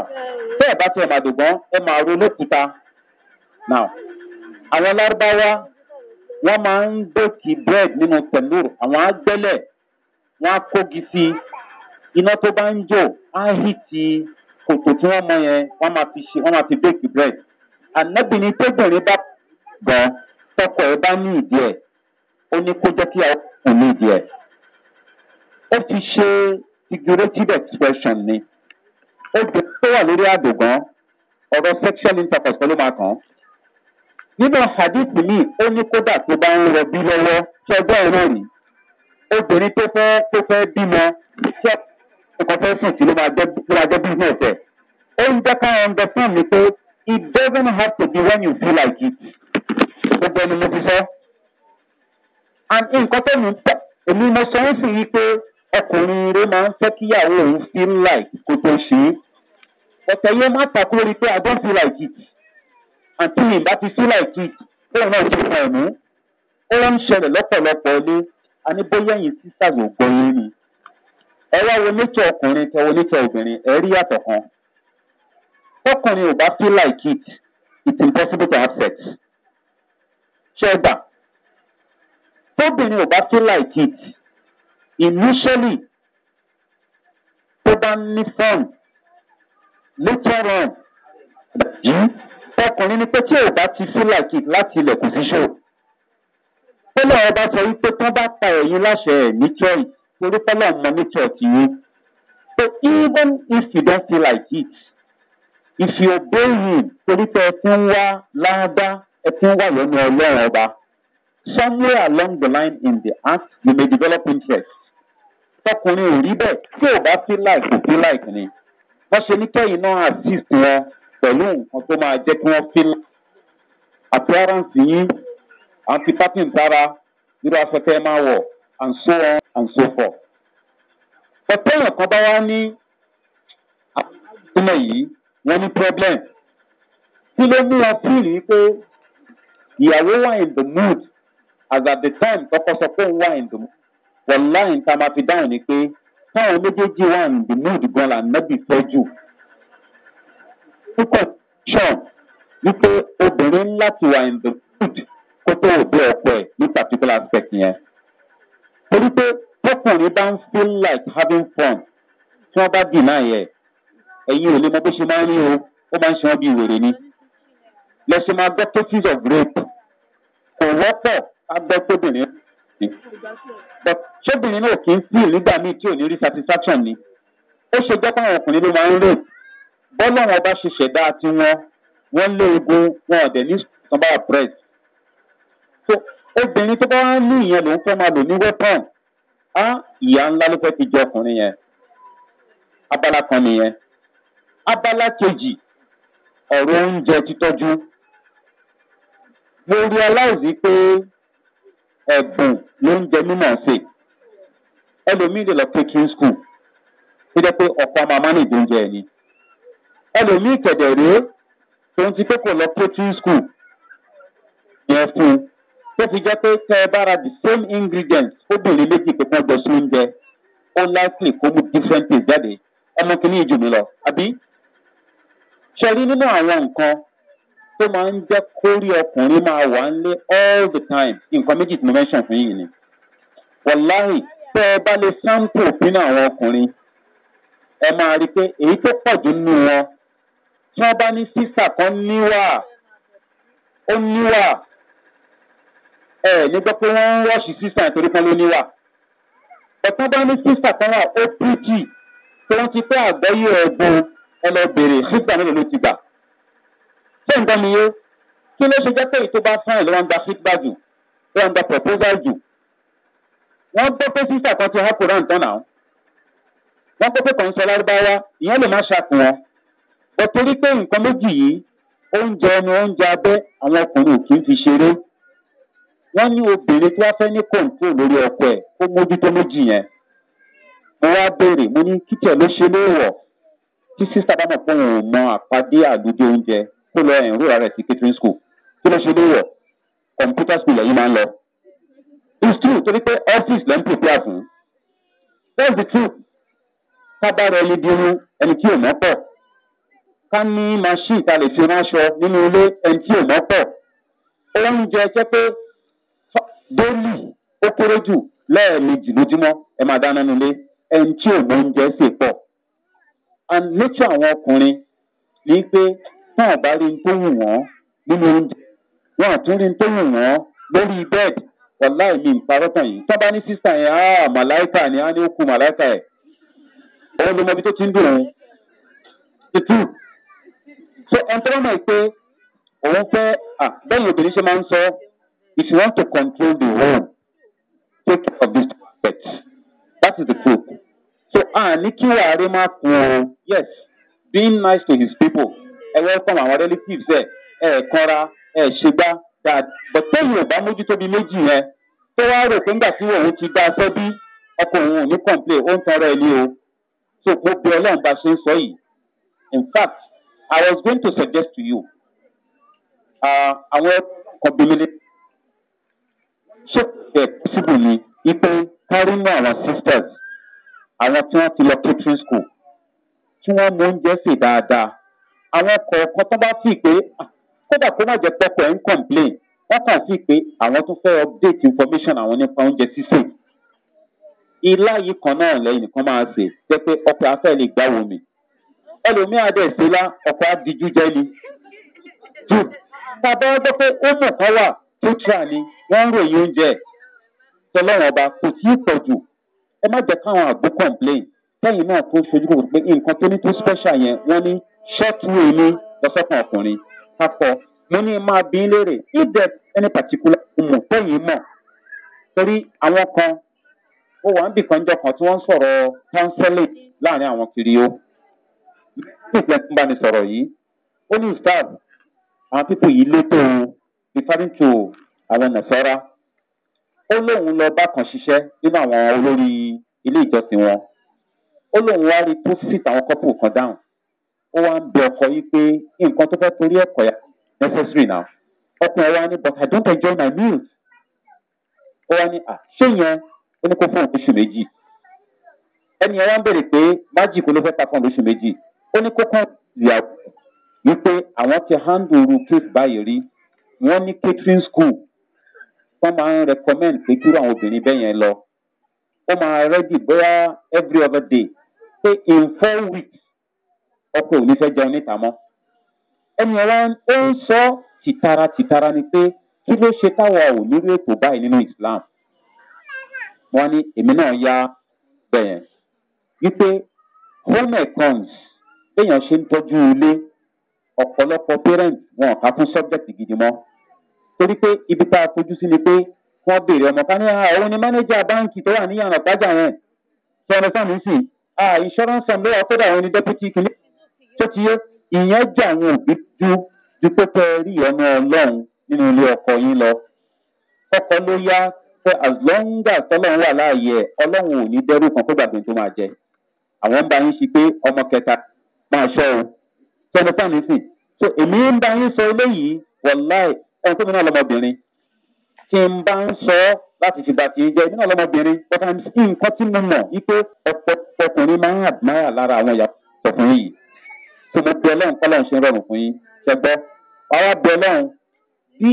bẹ́ẹ̀ bá tẹ ọmọ àdògán ẹ máa ro olókùúta now àwọn lárúbáwá wọ́n máa ń bèkì bread nínú pẹ̀lú àwọn agbẹ́lẹ̀ wọ́n á kógi sí iná tó bá ń jò á hì ti kòtò tí wọ́n mọ yẹn wọ́n máa fi ṣe wọ́n máa fi bèkì bread ànábìnrin tóbìnrin bá gan tọkọ ẹ bá ní ìdí ẹ ó ní kó jẹ́ kí a kù ní ìdí ẹ ó fi ṣe figurative expression ni ó jẹ́ tó wà lórí àdògán ọ̀rọ̀ sexual intercourse ló máa kàn án nínú hadith mi ó ní kódà tó bá ń rọbí lọ́wọ́ ṣọgbọ́n ìròyìn obìnrin tó fẹ́ tó fẹ́ bímọ ṣẹ́ nǹkan fẹ́ sùn sí ló máa jẹ́ business ẹ̀ ó ń jẹ́ ká ọ̀n bẹ mi pé it doesn't have to be when you feel like it gbogbo ẹni mo ti sọ and nǹkan tó mi ń tẹ̀ èmi mo sọ ń sì yí pé ọkùnrin rẹ máa ń fẹ́ kíyàwó òun feel like kó tó ṣe é ọ̀tẹ̀ yẹn má takú lórí pé i don't feel like it àti ìbá ti feel like it fóun náà ti fún ẹ̀mú ó ń ṣẹlẹ̀ lọ́pọ̀lọpọ̀ ilé a ní bóyá ẹ̀yìn sísà yóò gbọ́ yín ni ẹ wá wo nature ọkùnrin tẹ wo nature obìnrin ẹ rí yàtọ̀ kan tọkùnrin ò bá feel like it it's impossible to have sex ṣé ẹ gbà tóbìnrin ò bá feel like it initially tó bá ń ní fun later on. Hmm? fọkùnrin ni pé tí ò bá ti fílàkì láti ilẹ̀ kò sí ṣó pẹ́lẹ́ ọba sọ wípé tó bá pa ẹ̀yin láṣẹ ẹ̀ ní church torí pẹ́lẹ́ ọmọ ní church yìí so even if you don feel like it if you obey him torí pé ẹkún wá láńdá ẹkún wá lọ́nà ọlọ́run ọba somewhere along the line in the act you may develop interest tọkùnrin ò rí bẹ́ẹ̀ tí ò bá feel like kò feel like ni wọ́n ṣe ní kẹ́yìn náà assist wọn pẹ̀lú nǹkan tó máa jẹ́ kí wọ́n fi appearance yín àti pattern tara irú aṣọ tẹ́ ẹ máa wọ̀ and so on and so forth. ọ̀tẹ́yìn kan bá wá ní àwọn yìí wọ́n ní problem. kí ló mú wọn sí rí pé ìyàwó wà in the mood as at the time tọkọ sọ pé òun wà in the mood wọ̀láyìn tá a máa fi dáhùn ni pé táwọn méjèèjì wà in the mood gan-an là ń nábì fẹ́ jù fún condition wípé obìnrin láti wà in the mood kó tó òbí ọ̀pọ̀ ẹ̀ ní particular aspect yẹn. torí pé tọkùnrin bá ń feel like having fun tí wọ́n bá dì náà yẹ ẹ̀yin ò lè mọ bó ṣe máa ń rí o ó máa ń ṣe wọ́n bí wèrè ni. lẹ́sìn máa gbọ́ cases of rape kò wọ́pọ̀ ká gbọ́ tóbìnrin but ṣóbìnrin náà kì í feel nígbà míì tí ò ní rí satisfaction ni ó ṣe jẹ́ pé àwọn ọkùnrin ló máa ń rape bọ́lọ́wọ́n bá ṣe ṣẹ̀dá tiwọn wọ́n lé egun wọn ọ̀dẹ̀ ní tán bá press. so obìnrin tó bá ń lù yẹn lòún fẹ́ máa lò ní weapon á ìyá ńlá ló fẹ́ fi jẹ ọkùnrin yẹn abala kan nìyẹn abala kejì ọ̀rọ̀ oúnjẹ títọ́jú mo realize pé ẹ̀bùn ló ń jẹ mímọ̀ ṣe ẹlòmíì lè lọ pé school tó jẹ́ pé ọ̀pọ̀ ọmọ amánìdóúnjẹ ẹ̀ ni ẹlòmíì kẹ̀dẹ̀ rèé tòun ti pé kò lọ protein school yẹn fún un tó fi jẹ́ pé tẹ́ ẹ bára the same ingredient obìnrin méjì pé kán jọ sí oúnjẹ ó likely kó mú different taste jáde ọmọ kìíní ìjù mi lọ àbí ṣẹlí nínú àwọn nǹkan tó máa ń jẹ́ kórí ọkùnrin máa wà ń lé all the time nǹkan méjì tí mo mention fún yìí ni wàláhì tẹ́ ẹ bá lè sample pínlẹ̀ àwọn ọkùnrin ẹ máa rí i pé èyí tó pọ̀ jù nínú wọn tí wọ́n bá ní sísà kan níwà ó níwà ẹ nígbà pé wọ́n ń rọ́ọ̀ṣì sísà nítorí kan ló níwà ọ̀tún bá ní sísà kan wà ó píjì tí wọ́n ti pẹ́ àgbáyé ọ̀bùn ẹlọ́bèrè sígbà mélòó ló ti gbà ṣé nǹkan mi yé kí ló ṣe jẹ́ pé ètò bá fún ẹ̀ ló ń gba feedback jù ló ń gba proposal jù wọ́n gbọ́ pé sísà kan ti hápò rántán náà wọ́n gbọ́ pé kàn ń sọ lárúbáwá ìyẹn lè má ṣàkùn wọn but torí pé nǹkan méjì yìí oúnjẹ ẹnu oúnjẹ abẹ àwọn ọkùnrin ò kì í fi ṣeré wọn ní obìnrin tí wọn fẹ ní kòǹtò lórí ọkọ ẹ kó mójútó méjì yẹn mo wá béèrè mo ní kíkẹ ló ṣe léèwọ tí sísá bá mọ pé òun ò mọ àpàdé àlùjọ oúnjẹ kó lọ ẹ̀rù rẹ̀ sí catering school kí ló ṣe léèwọ computer school lẹ́yìn máa ń lọ it's true torí pé office lẹ́ ń prepare fún that's the truth tábàárọ̀ ẹni dirun ẹni tí ò mọ́ pọ̀ ká ní machine ta lè fi ránṣọ nínú ilé ẹni tí ò mọ́pọ̀ oúnjẹ jẹ́ pé délì ó kéré jù lẹ́ẹ̀mejì lójúmọ́ ẹ máa dáná nílé ẹni tí ò mọ oúnjẹ sè pọ̀ and nature àwọn ọkùnrin ni pé wọn ò bá rí n tó wù wọ́n nínú oúnjẹ wọn ò tún rí n tó wù wọ́n lórí bẹ́ẹ̀dì wàláì mi ìparọ́ tàn yìí tábà ní sísà yẹn á ah, màláìkà ni á ní ó ku màláìkà ẹ̀ òun ló mọ ibi tó ti ń dùn òun so ẹn tó bá mọ̀ pé òun fẹ́ bẹ́ẹ̀ obìnrin ṣe máa ń sọ if you want to control the home take care of this aspect that is the truth so àní kí wàhálà máa kú o yes being nice to his people ẹ welcome àwọn relatives ẹ ẹ kanra ẹ ṣègbà Dad. but tẹ́yìn ò bá mójútó bíi méjì yẹn tó wá rò pé ńgbà tí òun ti dá aṣọ bí ọkọ òun ò ní complain ó ń tanra ẹni o so mo bí ọlọ́run bá ṣe ń sọ yìí in fact I was going to suggest to you uh, àwọn ọ̀bìnrin ṣé ẹ̀ síbò ni ipe kárínà àwọn sisters àwọn tí wọ́n ti lọ catering school tí wọ́n mú oúnjẹ sè dáadáa àwọn kọ̀ọ̀kan tó bá sì pé ah, kódà kó má jẹ́ pẹ́pẹ́ ẹ̀ ń complain wọ́n kàn sí pé àwọn tó fẹ́ update information àwọn nípa oúnjẹ sísè ilá yìí kan náà lẹ́yìn nìkan máa sè jẹ́ pé ọkọ̀ afẹ́ lè gbáwo mi ẹlòmíì àdẹ̀sílá ọ̀pá àdìjú jẹ́ ni. jù tàbá gbọ́ pé ó mọ̀ kán wà tó tra ni wọ́n ń ròyìn oúnjẹ tọ́lọ́wọ́n ọba kò sí pọ̀ jù ẹ má jẹ́ káwọn àgbo complain lẹ́yìn náà tó sojú kò pé nǹkan tó ní tó special yẹn wọ́n ní short way lọ́sọ̀kan ọkùnrin papọ̀ mo ní máa bí léèrè if there any ọmọ tẹ́yìn mọ̀ torí àwọn kan ó wà ń bìkan jọ kan tí wọ́n ń sọ̀rọ̀ counseling láàrin àwọn kiri ó pípẹ́ ń bá mi sọ̀rọ̀ yìí ó ní ustaz àwọn pípọ̀ yìí létò referring to àwọn nàṣọ́ra ó lóun lọ bá kan ṣiṣẹ́ nínú àwọn olórí ilé ìjọsìn wọn ó lóun wá rí tó sì tàwọn kọ́pù kan dáhùn ó wá ń bẹ ọkọ yìí pé nǹkan tó fẹ́ torí ẹ̀kọ́ yà necessary now ọkùnrin wa ni but i don't enjoy my meals ó wá ní à ṣé yẹn ó ní kó fún òkúṣù méjì ẹnìyẹn wá ń bèrè pé májì kó ló fẹ́ ta fún òkúṣù méjì ó ní kókó ìyàwó wípé àwọn ti handle ru case báyìí rí wọ́n ní catering school wọ́n máa ń recommend pé kí àwọn obìnrin bẹ́ẹ̀ yẹn lọ ó máa ready bóyá every other day pé in four weeks ọkọ ò ní fẹ́ jẹun níta mọ́ ẹni ọ̀la ó ń sọ tìtara tìtara ni pé kí ló ṣe táwa ò nírú ètò báyìí nínú islam wọn ní èmi náà yá bẹ̀yẹn wípé home econs béèyàn ṣe ń tọ́jú ilé ọ̀pọ̀lọpọ̀ parent wọn kà fún subject gidi mọ́ torí pé ibi tá a fojú sí ni pé wọ́n béèrè ọmọ kan ní àwọn ní manager báńkì tó wà ní yàrá ìtajà yẹn tí wọn fún sí insurance and lọ́wọ́ kódà àwọn ní deputy kìíní tó ti yé ìyẹn jẹ́ àwọn òbí ju ju pé kẹ́ rí ọmọ ọlọ́run nínú ilé ọkọ yín lọ ọkọ ló yá pé as long as ọlọ́run wà láàyè ọlọ́run ò ní dẹ́rù kan kó gbàgbé tó máa jẹ àwọn ń bá yín sí pé ọmọ kẹta máa sọ o sọni fáàmì sì so èmi ń bá yín sọ eléyìí wọláì ẹni tó mi náà lọmọbìnrin tí n bá ń sọ láti fi bàtì jẹ èmi náà lọmọbìnrin but i'm still nǹkan tí mo mọ wípé ọkùnrin máa ń admire lára àwọn ìyàtọ̀ fún yìí tó mo bẹ ọlọ́run kọ́lọ́run ṣe ń rọrùn fún yín ṣe gbọ́ àwa bẹ ọlọ́run bí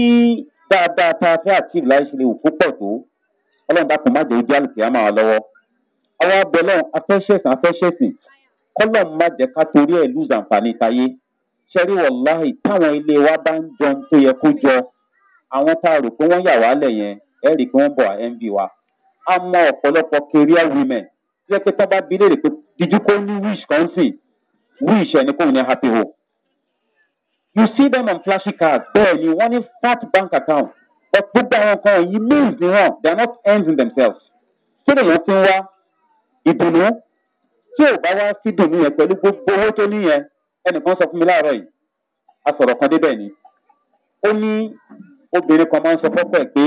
dáadáa tá a fẹ́ àtìv láì ṣe lè wò púpọ̀ tó ọlọ́run bá kò má jẹ́ ojú àlùkìyàmọ́ wa lọ́wọ́ àwa bẹ ọlọ́run afẹ́ṣẹ̀sìn afẹ́ṣẹ̀sìn kọ́lọ̀ má jẹ́ ká torí ẹ̀ lùz àǹfààní tayé ṣẹ́rí wọ̀láhì táwọn ilé wa bá ń jọ tó yẹ kó jọ àwọn tá a rò pé wọ́n yà wá lẹ̀ yẹn ẹ rí i pé wọ́n bọ̀ mv wa a mọ ọ̀pọ̀lọpọ̀ career women tí wọ́n pé tá bá bi léèrè pé díjú kó ní wish kan wish ẹni kò ní happy hope you see them on flashy cars. bẹ́ẹ̀ ni wọ́n ní fat bank account but gbogbo àwọn kan yìí means ni wọ́n they are not ends in themselves kí lèyàn fi ń wá ìdùnnú tí ò bá wá sí dùn nìyẹn pẹ̀lú gbogbo owó tó níyẹn ẹnìkan sọ fún mi láàárọ̀ yìí a sọ̀rọ̀ kan débẹ̀ ni ó ní obìnrin kan máa ń sọ fọ́pọ̀ ẹ̀ pé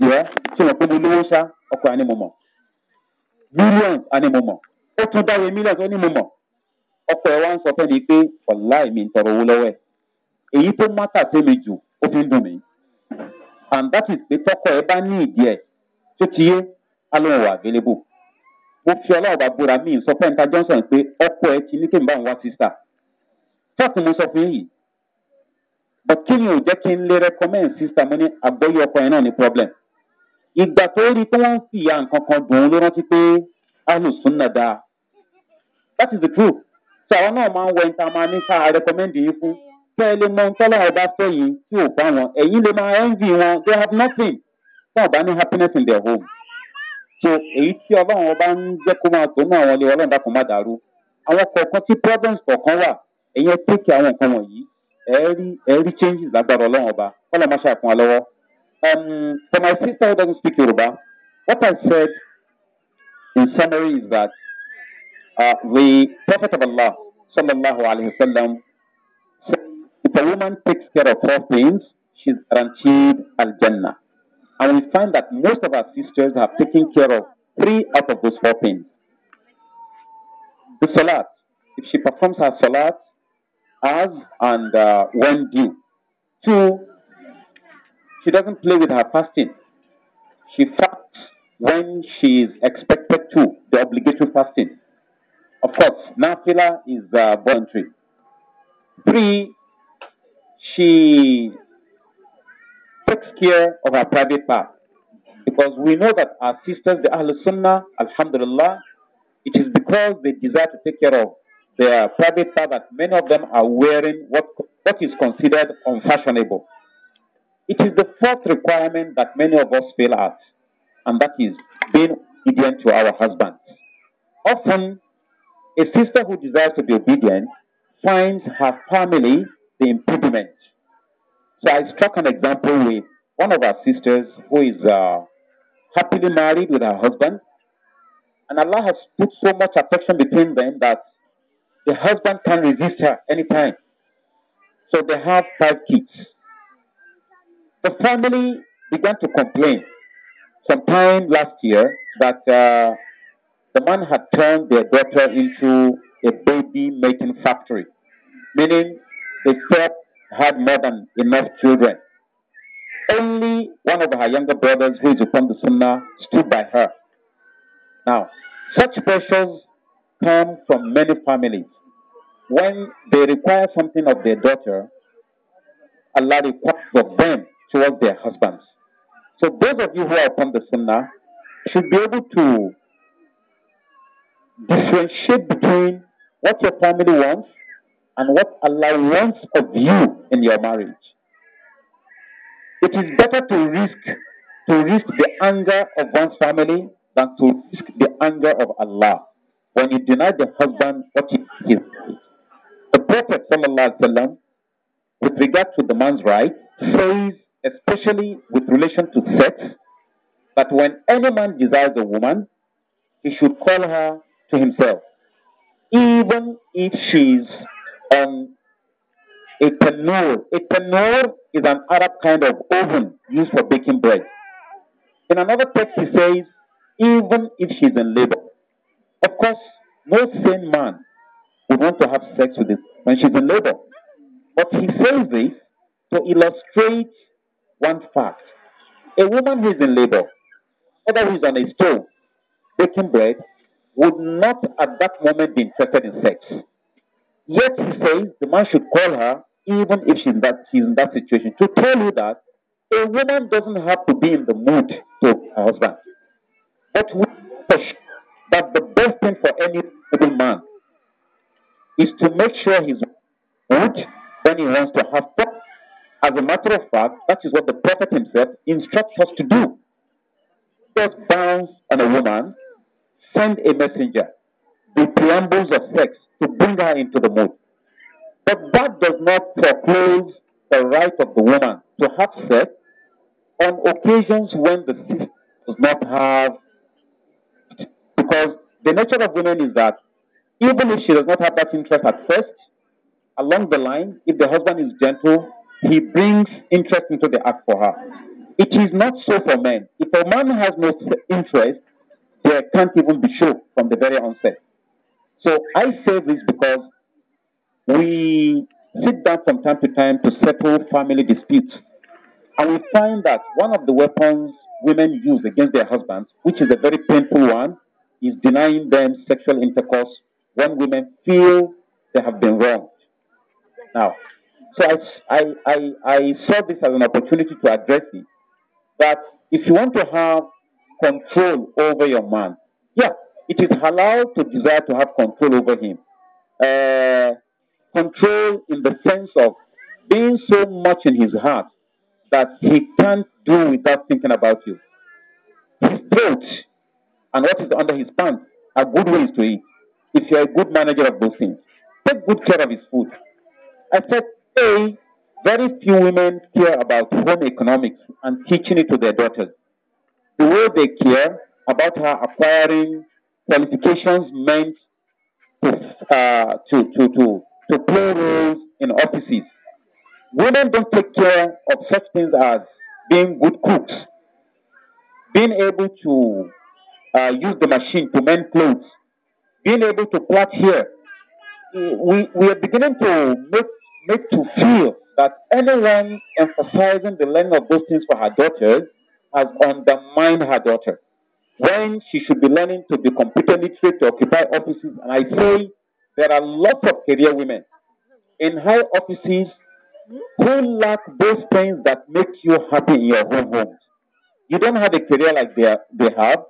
jẹ́ tí wọ́n pé mo lówó ṣá ọkọ̀ àní mo mọ̀ millions àní mo mọ̀ ó tún dáwé millions ó ní mo mọ̀ ọkọ̀ ẹ̀ wá ń sọ fẹ́ ni pé ọ̀la èmi ń tọrọ owó lọ́wọ́ ẹ̀ èyí tó mátà tẹ́mi jù ó fi ń dùn mí and that is pé tọkọ ẹ bá ní ìdí ẹ tó ti yé alóhùn available ó fi ọlọ́run búra míì sọ pẹ́ńtà johnson pé ọkọ ẹ ti ní kí n bá òun wá sísà fọ́ọ̀tì mo sọ fún yìí but kí ò jẹ́ kí n lè recommend sísà mo ní ọkọ yẹn náà ní problem ìgbà tó rí wọ́n ń fi ìyá nǹkan kan dùn ún ló rántí pé that is the truth tí àwọn náà máa ń wẹ níta máa ká recommend yìí fún ẹ lè mọ ọba fẹ́ yìí tí ò lè máa envy wọn home. so èyí tí ọlọ́run ọba ń jẹ́ kó máa tó náà wọn lé ọlọ́run dàpọ̀ má dàrú àwọn kọ̀ọ̀kan tí problems kọ̀ọ̀kan wà ẹ̀yẹn tètè àwọn nǹkan wọ̀nyí ẹ̀ẹ́rí ẹ̀ẹ́rí changes lágbára ọlọ́run ọba ọlọ́run má ṣàfihàn lọ́wọ́ um, for my sister who doesn't speak yoruba what i said in summary is that uh, the prophet of allah sallallahu alayhi wa sallam if a woman takes care of four things she is guaranteed al-jannah. And we find that most of our sisters have taken care of three out of those four things. The salat, if she performs her salat as and uh, when due. Two, she doesn't play with her fasting. She fasts when she is expected to, the obligatory fasting. Of course, nafila is uh, voluntary. Three, she takes care of our private part. Because we know that our sisters, the Ahlul Sunnah, Alhamdulillah, it is because they desire to take care of their private part that many of them are wearing what, what is considered unfashionable. It is the fourth requirement that many of us fail at, and that is being obedient to our husbands. Often, a sister who desires to be obedient finds her family the impediment so I struck an example with one of our sisters who is uh, happily married with her husband. And Allah has put so much affection between them that the husband can resist her anytime. So they have five kids. The family began to complain sometime last year that uh, the man had turned their daughter into a baby making factory, meaning they kept had more than enough children. Only one of her younger brothers, who is upon the Sunnah, stood by her. Now, such pressures come from many families. When they require something of their daughter, Allah requires of them towards their husbands. So those of you who are upon the Sunnah should be able to differentiate between what your family wants and what Allah wants of you in your marriage. It is better to risk to risk the anger of one's family than to risk the anger of Allah when you deny the husband what he is. The Prophet وسلم, with regard to the man's right, says, especially with relation to sex, that when any man desires a woman, he should call her to himself, even if she is um, a tanur. A tanur is an Arab kind of oven used for baking bread. In another text, he says, even if she's in labor. Of course, no sane man would want to have sex with her when she's in labor. But he says this to illustrate one fact. A woman who is in labor, whether who is on a stove, baking bread, would not at that moment be interested in sex. Yet he says the man should call her, even if she's in that, she's in that situation, to tell you that a woman doesn't have to be in the mood to her husband. But we that the best thing for any able man is to make sure he's mood when he wants to have sex. As a matter of fact, that is what the Prophet himself instructs us to do. Just bounce on a woman, send a messenger the preambles of sex to bring her into the mood. But that does not preclude the right of the woman to have sex on occasions when the system does not have, because the nature of women is that even if she does not have that interest at first, along the line, if the husband is gentle, he brings interest into the act for her. It is not so for men. If a man has no interest, there can't even be show from the very onset. So I say this because we sit down from time to time to settle family disputes. And we find that one of the weapons women use against their husbands, which is a very painful one, is denying them sexual intercourse when women feel they have been wronged. Now, so I, I, I, saw this as an opportunity to address it that if you want to have control over your man, it is halal to desire to have control over him. Uh, control in the sense of being so much in his heart that he can't do without thinking about you. His throat and what is under his pants are good ways to eat. If you are a good manager of those things, take good care of his food. I said, A, very few women care about home economics and teaching it to their daughters. The way they care about her acquiring qualifications meant to, uh, to, to, to, to play roles in offices. Women don't take care of such things as being good cooks, being able to uh, use the machine to mend clothes, being able to plait hair. We, we are beginning to make, make to feel that anyone emphasizing the learning of those things for her daughters has undermined her daughter when she should be learning to be computer literate to occupy offices. And I say there are lots of career women in high offices who lack those things that make you happy in your home homes. You don't have a career like they, are, they have.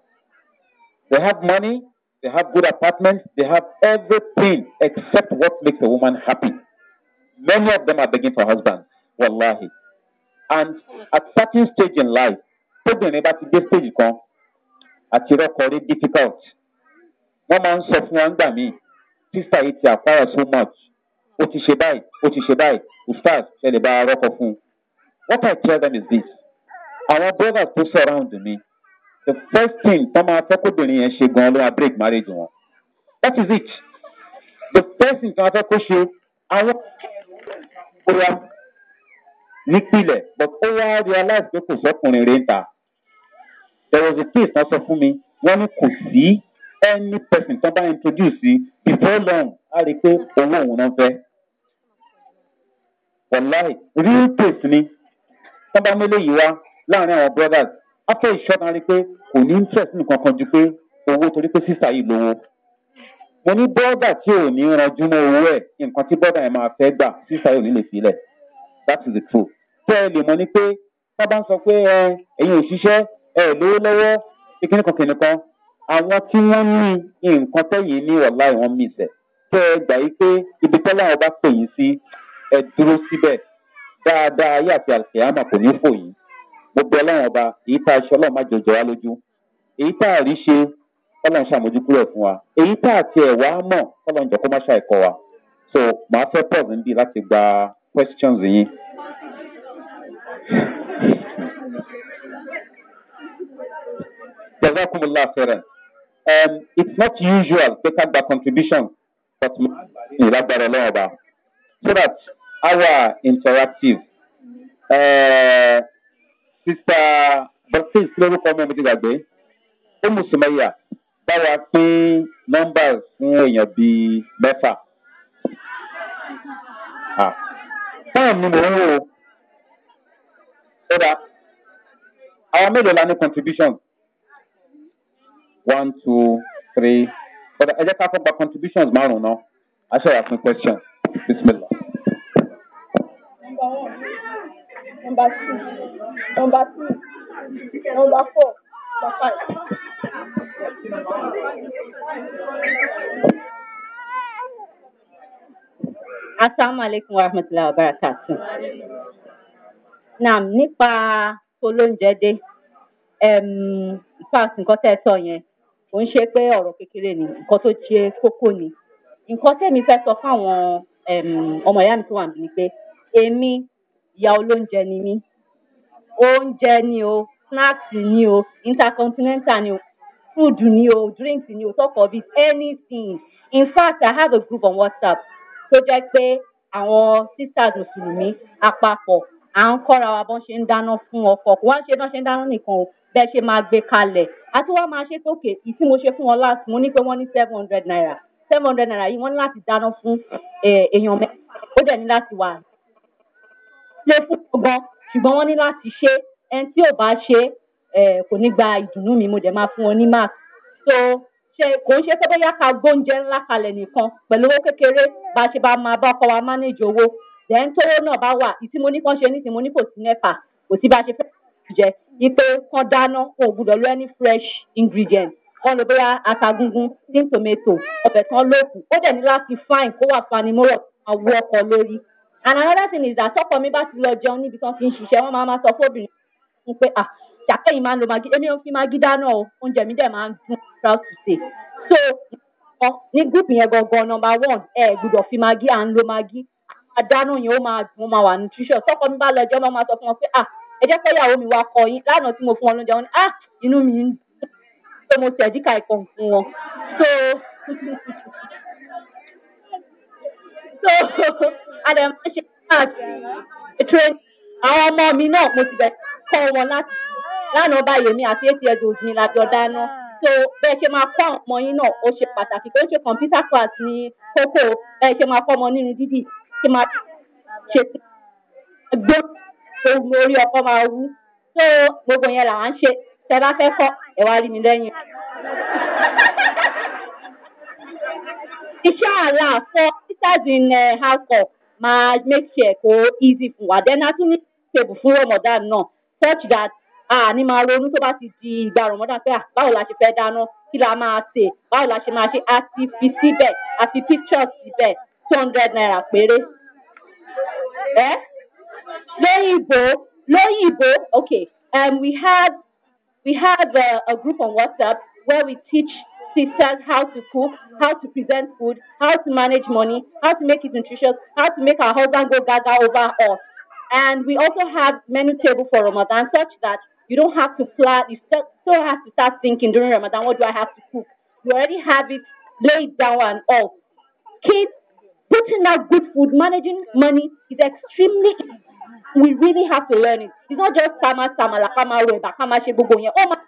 They have money, they have good apartments, they have everything except what makes a woman happy. Many of them are begging for husbands, wallahi. And at certain stage in life, put them about to this stage come. àti rọ́kọrí difficult. wọ́n máa ń sọ fún wọn gbà míì sísà yìí ti àpárà so much ó ti ṣe báyìí ó ti ṣe báyìí ustaz ẹ bá a fún un. what i tell them is this àwọn brothers tó surround me the first thing tó máa fẹ́kọ̀bìnrin yẹn ṣe gan-an ló wá break marriage wọn. that is it the first thing tó máa fẹ́ kó ṣe àwọn ọ̀rọ̀ nípìnlẹ̀ but ó wá realize pé kò sọ́kùnrin rẹ̀ ń ta there was a case náà sọ fún mi wọ́n ní kò sí any person tán bá introduce sí before long á rí i pé òun òun náà fẹ́. wàláì real case ni tán bá mélòó yìí wá láàrin àwọn brothers after ìṣọ́nà rí i pé kò ní interest nìkan kan ju pé owó torí pé sísà yìí lówó mo ní bọ́ọ̀dà tí ò ní ranjú mọ́ owó ẹ̀ nǹkan tí bọ́ọ̀dà yẹn máa fẹ́ gbà sísà yóò ní lè filẹ̀ that is the truth. tẹ́ ẹ lè mọ ni pé tá a bá ń sọ pé ẹ̀yin òṣìṣẹ́ ẹ lówó lọ́wọ́ ìkíní kan kìnìún àwọn tí wọ́n ní nǹkan tẹ̀yìn ní ọ̀la ìwọ̀n mìsẹ̀ tẹ́ ẹ pé ibi tọ́lá wọn bá sí ẹ dúró síbẹ̀ dáadáa ayé àti àlùkìyàmà kò ní fò yín mo ọlọ́run ọba èyí tá a ṣe ọlọ́run má èyí tá ṣe ọlọ́run ṣàmójúkúrò fún wa èyí tá a tiẹ̀ wá mọ̀ ọlọ́run jọ kó má wa so màá fẹ́ pause jazakumullah fẹ́rẹ̀. Um, it's not usual pé ká gba contribution but mo ní lágbára ọlọ́run ọba so that our interactive uh, sista bertis lórúkọ ọmọ mi ti gbàgbé ó mùsùlùmẹ́yà báwa pín nọ́mbà fún èèyàn bíi mẹ́fà. báwo ni mò ń wò ó? ó dáa àwọn mélòó la ní contribution? one two three but I just have fọ́ gba contributions márùn no! I should ask àfin question bisimilah. number one number two number three number four number five. Assalamu alaikum warahmatullahi wabarakatuh. Naam nípa tolóúnjẹ dé, um, in fact nǹkan tẹ́ sọ yẹn, kò ń ṣe pé ọ̀rọ̀ kékeré ni nǹkan tó jẹ́ kókó ni nǹkan tẹ́mi fẹ́ sọ fáwọn ọmọ ìyá mi tó wà níbí ni pé èmi ìyá olóúnjẹ ni mí oúnjẹ ni o snacks ni o intercontinental ni o food ni o drinks ni o talk of it anything in fact I have a group on WhatsApp tó jẹ́ pé àwọn sisters mùsùlùmí àpapọ̀ à ń kọ́ra wa bọ́n ṣe ń dáná fún ọkọ kò wá ń ṣe bọ́n ṣe ń dáná nìkan o bẹ́ẹ̀ ṣe máa gbé kalẹ̀ a tún wá máa ṣe tókè èyí tí mo ṣe fún wọn láti mo ní pé wọ́n ní seven hundred naira seven hundred naira yìí wọ́n ní láti dáná fún èèyàn mẹ́ta ó dẹ̀ ní láti wà ṣe fún ọgbọ́n ṣùgbọ́n wọ́n ní láti ṣe ẹni tí ò bá ṣe kò ní gba ìdùnnú mi mo dẹ̀ máa fún wọn ní mark so ṣe kò ń ṣe pé bóyá ká gbóúnjẹ ńlá kalẹ̀ nìkan pẹ̀lú owó kékeré bá a ṣe bá máa bá ọkọ wa manage owó then tówó náà bá wà ìtí mo ní kán ṣe ní ti mo ní kò sí nẹ́fà kò sí bá a ṣe fẹ́ jẹ wípé kán dáná wọn ò gbúdọ̀ lo any fresh ingredient wọn lo bóyá ata gúngún tin tomato ọbẹ̀ tán lókù ó dẹ̀ ní láti fine kó wà fanimọ́rọ̀ àwọ ọkọ̀ lórí and another thing is that tọkọ mi bá ti lọ jẹun níbi tán ti ń ṣiṣẹ́ wọ́n máa ma sọ fóbìnrin fún pé ah ṣàkẹ́ yìí máa ń lo magi èmi ò fi magi dáná o oúnjẹ mi dẹ̀ máa ń dùn proud to say so ní group yẹn gangan number one ẹ gbúdọ̀ fi magi à ń lo magi àdáná yẹn ó máa dùn ó máa wà nutrition tọkọ mi bá lọ jẹun wọ́n máa sọ fún wọn pé ah ẹ jẹ́ kọ́ ìyàwó mi wá kọ yín lánàá tí mo fún wọn lóúnjẹ wọn ni ah inú mi ń pé mo tẹ̀dí ka ìkàn fún wọn so so àdèmọ ṣe láti train àwọn ọmọ mi náà mo ti bẹ̀ kọ́ wọn láti lánàá báyìí mi àti eight years old ni làjọ dáná so bẹ́ẹ̀ ṣe máa kọ́ àwọn ọmọ yín náà ó ṣe pàtàkì pé ó ṣe computer class ní kókó bẹ́ẹ̀ ṣe máa kọ́ ọmọ nínú dídì ṣe máa ṣe gbé ogun orí ọkọ máa wú tó gbogbo yẹn làwọn ń ṣe tẹ bá fẹ́ kọ́ ẹ wá rí mi lẹ́yìn. iṣẹ́ àlà for sisters in uh, eh, household máa make sure kó easy fún wa then a tún ní table fún ramadan náà such that a ní máa ronú tó bá ti di ìgbà ramadan pé ah, báwo la ṣe fẹ́ dáná kí la máa ṣe báwo la ṣe máa ṣe a ti fi síbẹ̀ a ti pictures síbẹ̀ two hundred naira péré. Eh? Loyibo, Loyibo. Okay, and um, we have we have a, uh, a, group on WhatsApp where we teach sisters how to cook, how to present food, how to manage money, how to make it nutritious, how to make our husband go gaga over us. And we also have menu table for Ramadan such that you don't have to plan, you still, still have to start thinking during Ramadan, what do I have to cook? You already have it laid down and all. Kids, putting out good food, managing money is extremely we really have to learn it it's not just kama samala kama rẹba kama ṣe gbogbo yẹn ó máa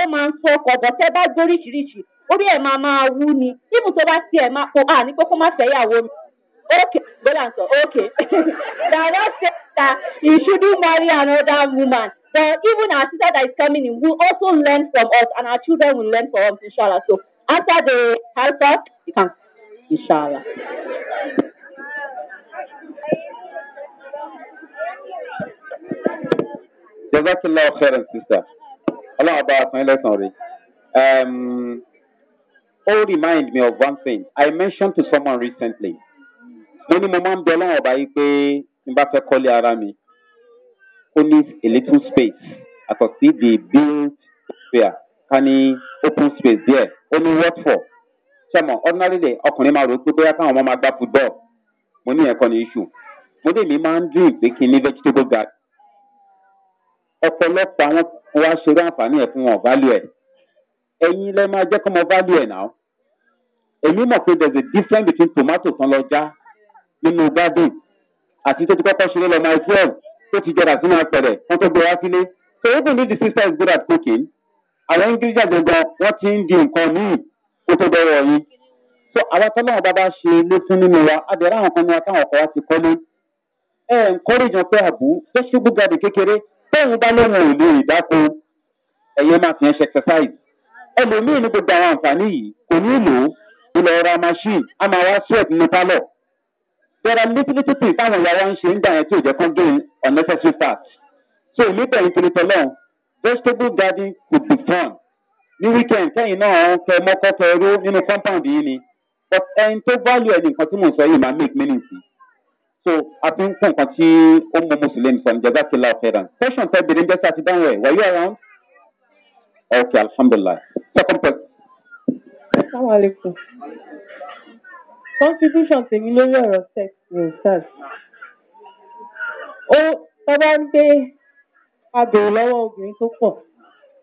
ó máa ń sọkọ bọ tẹ bá gbóríṣiríṣi orí ẹ máa máa wú ni ibù tó bá tiẹ máa kó à ní kókó má Okay, mi answer. Okay. They are not saying that you shouldn't marry another woman but even our sister that is coming in will also learn from us and our children will learn from us inshallah so after the house talk you can inshallah. jẹ́sàkìlá and sísà Allah bá my ẹlẹ́sàn rẹ̀. Oh, remind me of one thing I mentioned to someone recently. mo ní mo máa ń bẹ ọlọ́run ọba yìí pé n bá fẹ́ kọ́lé ara mi ó ní a little space àtọ̀ sí the built sphere ká ní open space díẹ̀ ó ní what for sọmọ ordinarily ọkùnrin máa rò pé bóyá káwọn ọmọ máa gbá football mo ní ẹ̀kọ́ ní issue mo dé mi máa ń dùn pé kí n ní vegetable garden ọ̀pọ̀lọpọ̀ àwọn wa ṣeré àǹfààní ẹ̀ fún wọn value ẹ̀ ẹ̀yin lẹ́ máa jẹ́ kọ́ mọ value ẹ̀ náà èmi mọ̀ pé there is a difference between tomato tán lọ já nínú garden àti tó ti kọ́kọ́ ṣeré lọ my twelve tó ti jọra sínú apẹ̀rẹ̀ wọ́n tó gbé wá sílé so even if the sister is good at cooking àwọn ingredient gangan wọ́n ti ń di nǹkan míì kó tó dọ́wọ́ yín so àwọn tọ́lọ́wọ́n bá bá ṣe ilé fún nínú wa adẹ̀rẹ̀ àwọn kan ní wa táwọn ọkọ̀ wa ti kọ́lé ẹ̀ encourage wọn pé àbú fẹ́ ṣubú garden kékeré tóun bá lóun ò lè dáko ẹ̀yẹ́ máa fi hàn ṣe exercise ẹlòmíì ní gbogbo àwọn àǹfààní yìí kò ní lò ó ilẹ̀ ra machine a máa wá sweat nínú pálọ̀ there are little little things táwọn ìyá wa ń ṣe ń gbà yẹn tí ò jẹ́ kán unnecessary fat so níbẹ̀ ń pinnu tọ́lọ́ vegetable garden could be fun ní weekend kẹ́yìn náà fẹ́ mọ́kọ́ fẹ́ ró nínú compound yìí ni but ẹni tó value ẹni nǹkan tí mò ń sọ yìí máa make many things so a ti ń kún nǹkan tí ó mú mùsùlùmí sọ ǹjẹ́ bá ti la ọ̀fẹ́ ràn question tẹ́ bìrì ń jẹ́ sí àti dáhùn ẹ̀ were you around? okay alhamdulilah second question. salaamaleykum contribution tèmi lórí ọ̀rọ̀ sex ní sars ó tọ́ba ń gbé abèrè lọ́wọ́ obìnrin tó pọ̀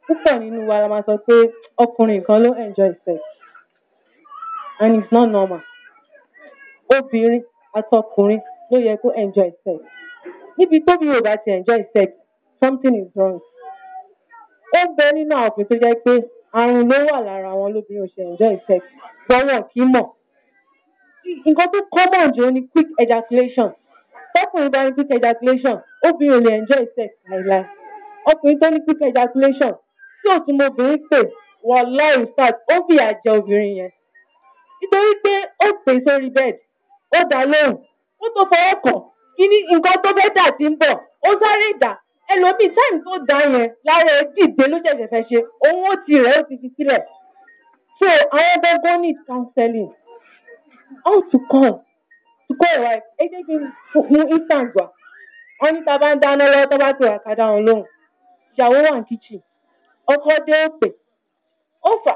púpọ̀ nínú wa la máa sọ pé ọkùnrin kan ló enjoy sex and it's not normal obìnrin àtọkùnrin ló yẹ kó enjoy sex níbi tóbi ò bá ti enjoy sex something is wrong ó bẹ nínú àwọn òfin tó jẹ́ pé àrùn ló wà lára àwọn lóbìnrin ò ṣe enjoy sex gbọ́wọ́ kí mọ̀ nǹkan tó common jù ó quick ejaculation tọkùnrin bá ní quick ejaculation obìnrin ò lè enjoy sex láìláì ọkùnrin tó ní quick ejaculation tí ò tún mọ obìnrin pè wọ́n lọ́rùn start ó fìyà jẹ obìnrin yẹn nítorí pé ó pè sórí bed ó dá lóhùn ó tó fọwọ́ kàn kí ní nǹkan tó fẹ́ dà ti ń bọ̀ ó sáré dà ẹlòmíì sáìm tó dà yẹn lára ẹ dìde ló ṣẹ̀ṣẹ̀ fẹ́ ṣe òun ó ti rẹ̀ ó ti fi sílẹ̀ so àwọn gbọ́ngàn need counseling how to call to call your wife ẹ jẹ́ kí n mú instance wá wọ́n ní tá a bá ń dáná lọ́wọ́ tó bá ti rà ká dáhùn lóhùn ìyàwó wà ní kíchì ọkọ dé òpè ó fà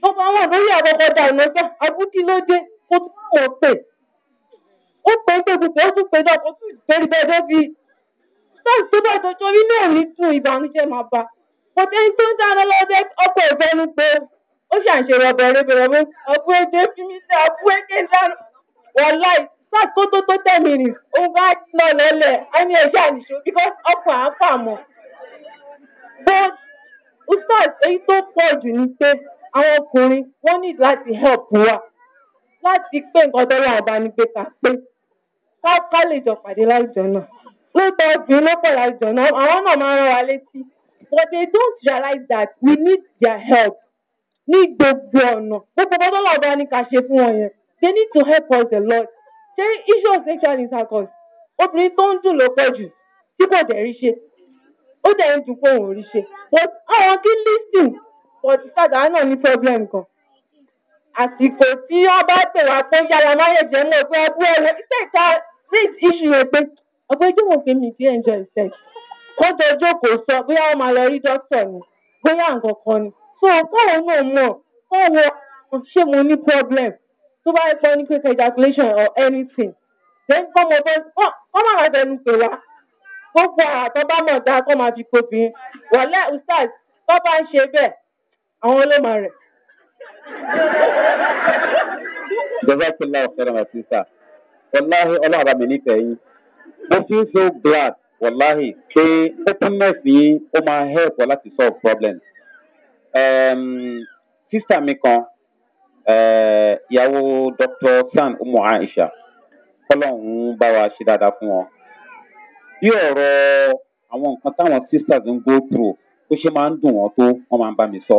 bọ́bá wà lórí àkọ́kọ́ dà ìmọ̀ọ́sá abúkí ló dé kó tó mọ̀ pé ó pé pé gbogbo ó tún pé náà kó tún ìgbéri bẹ́ẹ̀ débi sọ́ọ̀sì tó bá tó torí náà ní tún ìbànújẹ́ máa bá kò tẹ́ ní tó ń dáná lọ́dẹ ọkọ̀ ìfẹ́nu pé ó ṣàǹṣe rọ̀bẹ̀ rẹ̀bẹ̀rẹ̀bẹ̀ ọ̀bú èdè fi mí sí ọ̀bú èdè lánàá wọ́n láì sars tó tó tó tẹ̀ mí rìn ó bá lọ lọ́lẹ̀ ẹni ẹ̀ ṣàǹṣe because ọkọ̀ à ń fà mọ́ but ustas èyí tó pọ̀ jù ni pé àwọn ọkùnrin wọ́n need láti help wa láti pé nǹkan tó lọ́wọ́ bá ní pé ká lè jọ pàdé láìjọ náà lóòótọ́ obìnrin ló pọ̀ láìjọ náà àwọn náà ń rán létí but they don't realize that we need their help ní gbogbo ọ̀nà gbogbo bọ́dọ̀ lọ́dọ̀ wa ni ká ṣe fún wọn yẹn they need to help us a lot ṣé issue of sexual intercourse obìnrin tó ń dùn ló pọ̀ jù tí kò dẹ̀ rí ṣe ó dẹ̀ ń dùn pé òun rí ṣe but àwọn kí lísìn but padà náà ní problem kan àsìkò tí wọn bá pè wá pé yàrá máyèjẹ mọ pé ẹbú ẹ lọ sí ìta big issue yẹn pé ọgbẹ́ tí mo fi mi ti enjoy sex wọ́n jọ jókòó sọ bóyá wọ́n máa lọ rí dókítà ni bóyá nǹkan kan ni so káwọn náà mọ̀ káwọn ṣé mo ní problem tó bá pẹ́ ní pé ejaculation or anything then kọ́ mo bẹ́ kọ́ máa fẹnu pè wá gbogbo àtọ́ bá mọ̀ dá kọ́ máa fi kóbi wọ̀lẹ́ ustaz tó bá ń ṣe bẹ́ẹ̀ àwọn ló máa rẹ̀. jọ́sọ́ kí n láwọn fẹ́ràn àti sáà. wàláhì ọlọ́ọ̀bá mi nífẹ̀ẹ́ yín mo feel so glad wàláhì pé openness yìí ó máa help ọ láti solve problems. Um, mi kan eh, ìyàwó uh, dr san umu aisha kọlọ́hún bá wa ṣe dáadáa fún ọ. bí ọ̀rọ̀ àwọn nǹkan táwọn sisters ń go through ó ṣe máa ń dùn wọ́n tó wọ́n sọ.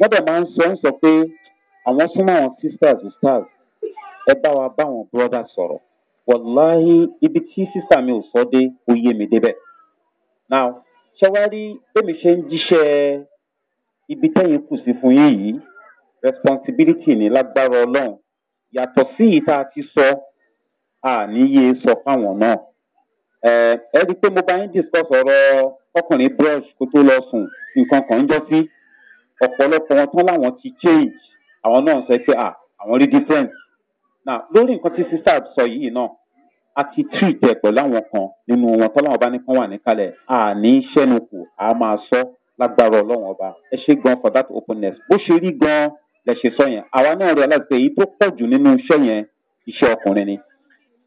wọ́n máa sọ ń sọ pé àwọn súnmọ́ àwọn ẹ bá wa bá àwọn bọ́dà sọ̀rọ̀ wàláhí ibi tí sísà mi ò sọ dé ó yé mi débẹ̀. now ṣẹ́wárí bẹ́mi ṣe ń jíṣẹ́ ibi tẹ́yìn kù sí fún yín yìí responsibility ní lágbára ọlọ́run yàtọ̀ sí ìta ti sọ àníyé sọ fáwọn náà. ẹ ẹ rí i pé mo bá yín discuss ọ̀rọ̀ ọkùnrin brush kó tó lọ sùn nǹkan kan ń jọ sí ọ̀pọ̀lọpọ̀ wọn tán láwọn ti change àwọn náà sọ pé àwọn rí difference na lórí nǹkan tí sísá sọ yìí náà a ti treat ẹ pẹ̀lú àwọn kan nínú wọn tọ́lá ọba nìkan wà níkàlẹ̀ a ní sẹ́nu kù a máa sọ lágbára ọlọ́run ọba ẹ ṣe gan for that openness bó ṣe rí gan lẹ ṣe sọ yẹn àwa náà rí aláìsí èyí tó pọ̀ jù nínú iṣẹ́ yẹn iṣẹ́ ọkùnrin ni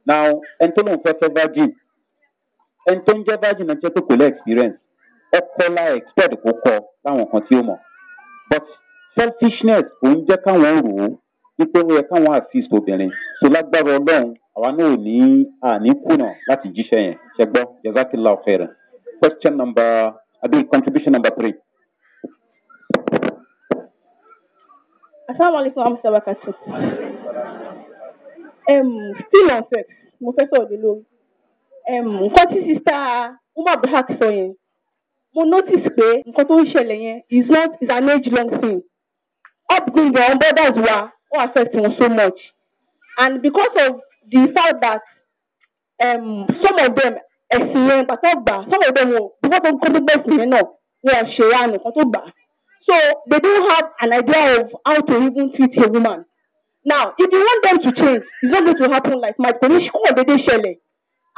now ẹni tó lóun fẹ́ fẹ́ virgin ẹni tó ń jẹ́ virgin náà jẹ́ pé kò lẹ́ experience ọkọ la expect kó kọ láwọn kan tí ó mọ̀ but selfishness òun jẹ́ káwọn rò ó wípé ó yẹ káwọn àfíìs obìnrin tó lágbára ọlọ́run àwa náà ò ní àní kùnà láti jíṣẹ́ yẹn ṣe gbọ́ jazakila ọ̀fẹ́rẹ̀ question number abi contribution number three. asalaamualeykum amsa wakati um, still on sex mo fẹ́ sọ̀rọ̀ lé lórí nǹkan tí sista umar buhari sọ yẹn mo notice pé nǹkan tó ń ṣẹlẹ̀ yẹn is not is an age long thing upgrade on borders wa ó affect wọn so much and because of the fact that um, some of them ẹ̀sìn pàtó gbà some of them wọn bíkọ́ tó ń kó gbígbẹ́ ẹ̀sìn yẹn náà wọn ṣe ya gbà so they don't have an idea of how to even treat a woman now if you want them to change it's not going to happen like my police kọ́ dédé ṣẹlẹ̀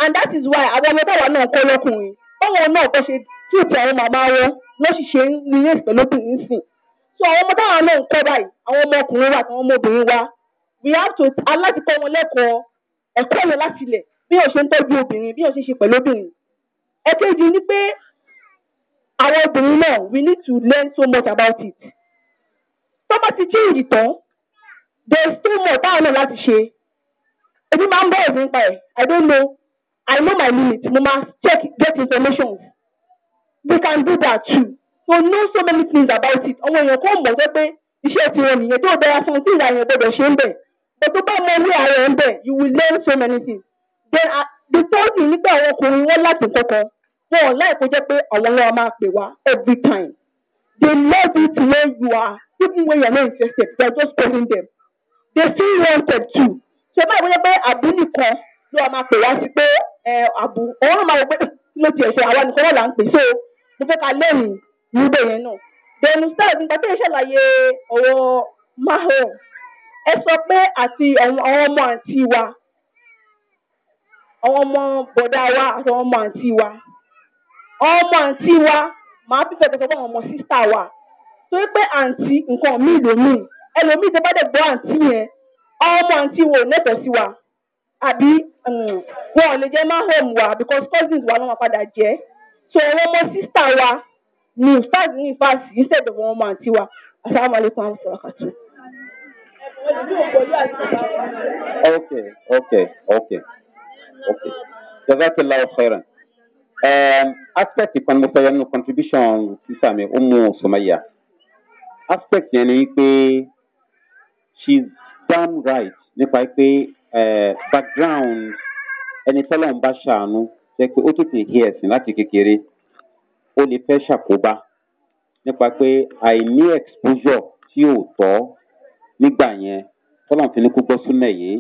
and that is why àwọn ọmọ táwa náà kọ́ lọ́kùnrin báwọn náà bọ́ ṣe tí ò àwọn màmá wọn lọ́ṣìṣẹ́ ń rí ẹ̀sìn lọ́kùnrin sìn so àwọn ọmọ táwọn náà ń kọ́ báyìí àwọn ọmọkùnrin wa àtàwọn ọmọbìnrin wa we have to aláti kọ́ wọn lẹ́kọ̀ọ́ ẹ̀kọ́ yẹn láti ilẹ̀ bí o ṣe ń tọ́jú obìnrin bí o ṣe ṣe pẹ̀lú obìnrin ẹ̀kejì ni pé àwọn obìnrin náà we need to learn so much about it tó bá ti change tán there is still more táwọn náà láti ṣe èmi máa ń bọ̀ ẹ̀sìn pa ẹ̀ i don't know i know my limit mo máa check get information we can do that too to know so many things about it àwọn èèyàn kò mọ̀ pé iṣẹ́ ti wọn nìyẹn tó dára fún tí ìlànà gbọdọ̀ ṣe ń bẹ̀ but tó bá mọ ní ààrẹ ń bẹ̀ you will learn so many things then uh, the third thing nígbà àwọn ọkùnrin wọn láti kọkàn wọn ò láì kó jẹ́ pé àwọn náà máa pè wá every time they love it when you are even when you are not interested they are just calling them they feel wanted too ṣe báyìí wọ́n yẹ pé àbú nìkan ló wà máa pè wá sí pé eh, àbú òun máa wọ pé kí ló tiẹ̀ ṣe àwa nìkan wọ́n là so mo fẹ́ ka lẹ́yìn níbẹ̀ yẹn náà then ustaz nígbà tí ẹ ṣàlàyé ọ̀rọ̀ mahram ẹ sọ pé àti àwọn ọmọ wa àwọn ọmọ bọ̀dá wa àti àwọn ọmọ ọmọ fi fẹ́ ọmọ sísá wa torí pé àǹtí nǹkan míì lòmíì ẹlòmíì tó bá dẹ̀ gbọ́ àǹtí yẹn àwọn ọmọ àǹtí wo wa àbí hm, wọn ò lè jẹ́ wa because cousins wa ló máa padà jẹ́ so ọmọ sísá wa. ni ustaz ni fas yusuf da kuma mantiwa assalamu alaikum wa rahmatullahi okay okay okay okay jazakallahu khairan um, aspect kan mo fẹ́ yẹn nínú contribution sísá mi ó mú sọmọyà aspect yẹn ni pé she's damn right nípa pé uh, eh, background ẹni tọ́lọ́ ń bá ṣàánú jẹ́ pé ó tètè hear ẹ̀sìn láti kékeré ó lè fẹ́ ṣàkóbá nípa pé àìní exposure tí ò tọ́ nígbà yẹn tọ́lọ́n fi ní kó gbọ́ súnmẹ̀ yìí